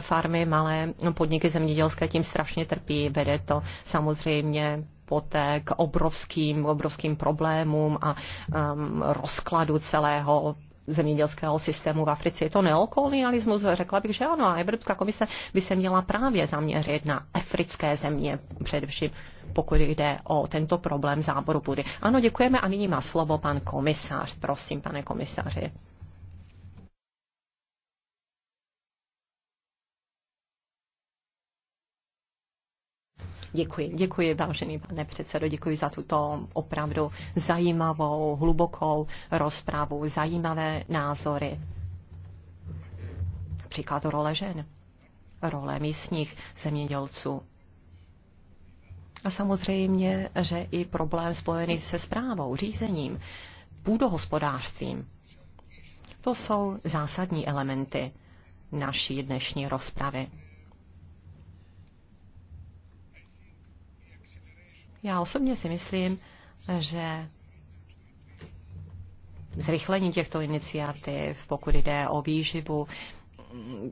Speaker 4: farmy, malé podniky zemědělské tím strašně trpí. Vede to samozřejmě poté k obrovským, obrovským problémům a um, rozkladu celého zemědělského systému v Africe. Je to neokolonialismus? Řekla bych, že ano. A Evropská komise by se měla právě zaměřit na africké země, především pokud jde o tento problém záboru půdy. Ano, děkujeme a nyní má slovo pan komisář. Prosím, pane komisáři. Děkuji, děkuji, vážený pane předsedo, děkuji za tuto opravdu zajímavou, hlubokou rozpravu, zajímavé názory. Příklad role žen, role místních zemědělců. A samozřejmě, že i problém spojený se správou, řízením, půdohospodářstvím. To jsou zásadní elementy naší dnešní rozpravy. Já osobně si myslím, že zrychlení těchto iniciativ, pokud jde o výživu,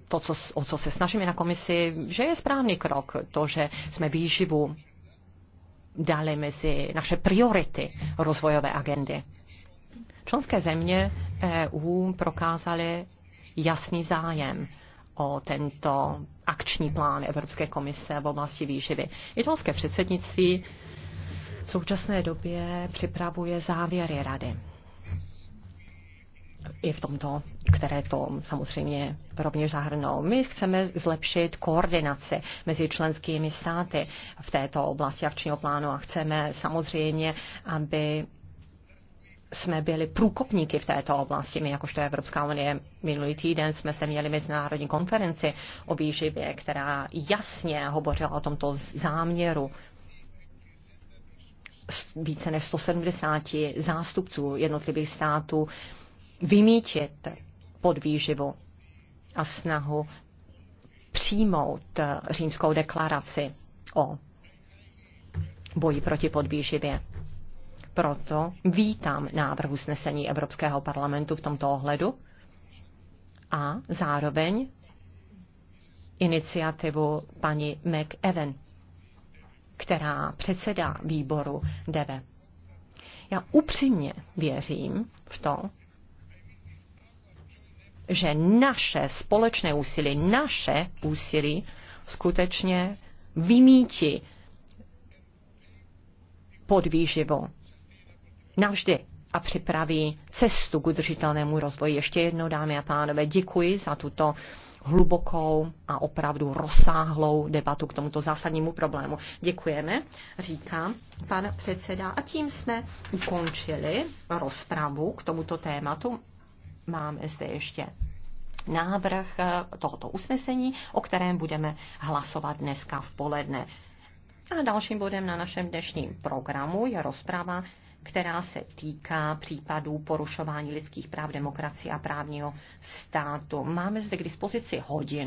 Speaker 4: to, co, o co se snažíme na komisi, že je správný krok, to, že jsme výživu dali mezi naše priority rozvojové agendy. Členské země EU prokázaly jasný zájem o tento akční plán Evropské komise v oblasti výživy. Italské předsednictví v současné době připravuje závěry rady. I v tomto, které to samozřejmě rovněž zahrnou. My chceme zlepšit koordinaci mezi členskými státy v této oblasti akčního plánu a chceme samozřejmě, aby jsme byli průkopníky v této oblasti. My, jakožto Evropská unie, minulý týden jsme se měli mezinárodní konferenci o výživě, která jasně hovořila o tomto záměru více než 170 zástupců jednotlivých států vymítit podvýživu a snahu přijmout eh, římskou deklaraci o boji proti podvýživě. Proto vítám návrh usnesení Evropského parlamentu v tomto ohledu a zároveň iniciativu paní McEwen která předsedá výboru DEVE. Já upřímně věřím v to, že naše společné úsilí, naše úsilí skutečně vymítí podvýživo, navždy a připraví cestu k udržitelnému rozvoji. Ještě jednou, dámy a pánové, děkuji za tuto hlubokou a opravdu rozsáhlou debatu k tomuto zásadnímu problému. Děkujeme, říká pan předseda. A tím jsme ukončili rozpravu k tomuto tématu. Máme zde ještě návrh eh, tohoto usnesení, o kterém budeme hlasovat dneska v poledne. A dalším bodem na našem dnešním programu je rozprava která se týká případů porušování lidských práv, demokracie a právního státu. Máme zde k dispozici hodin.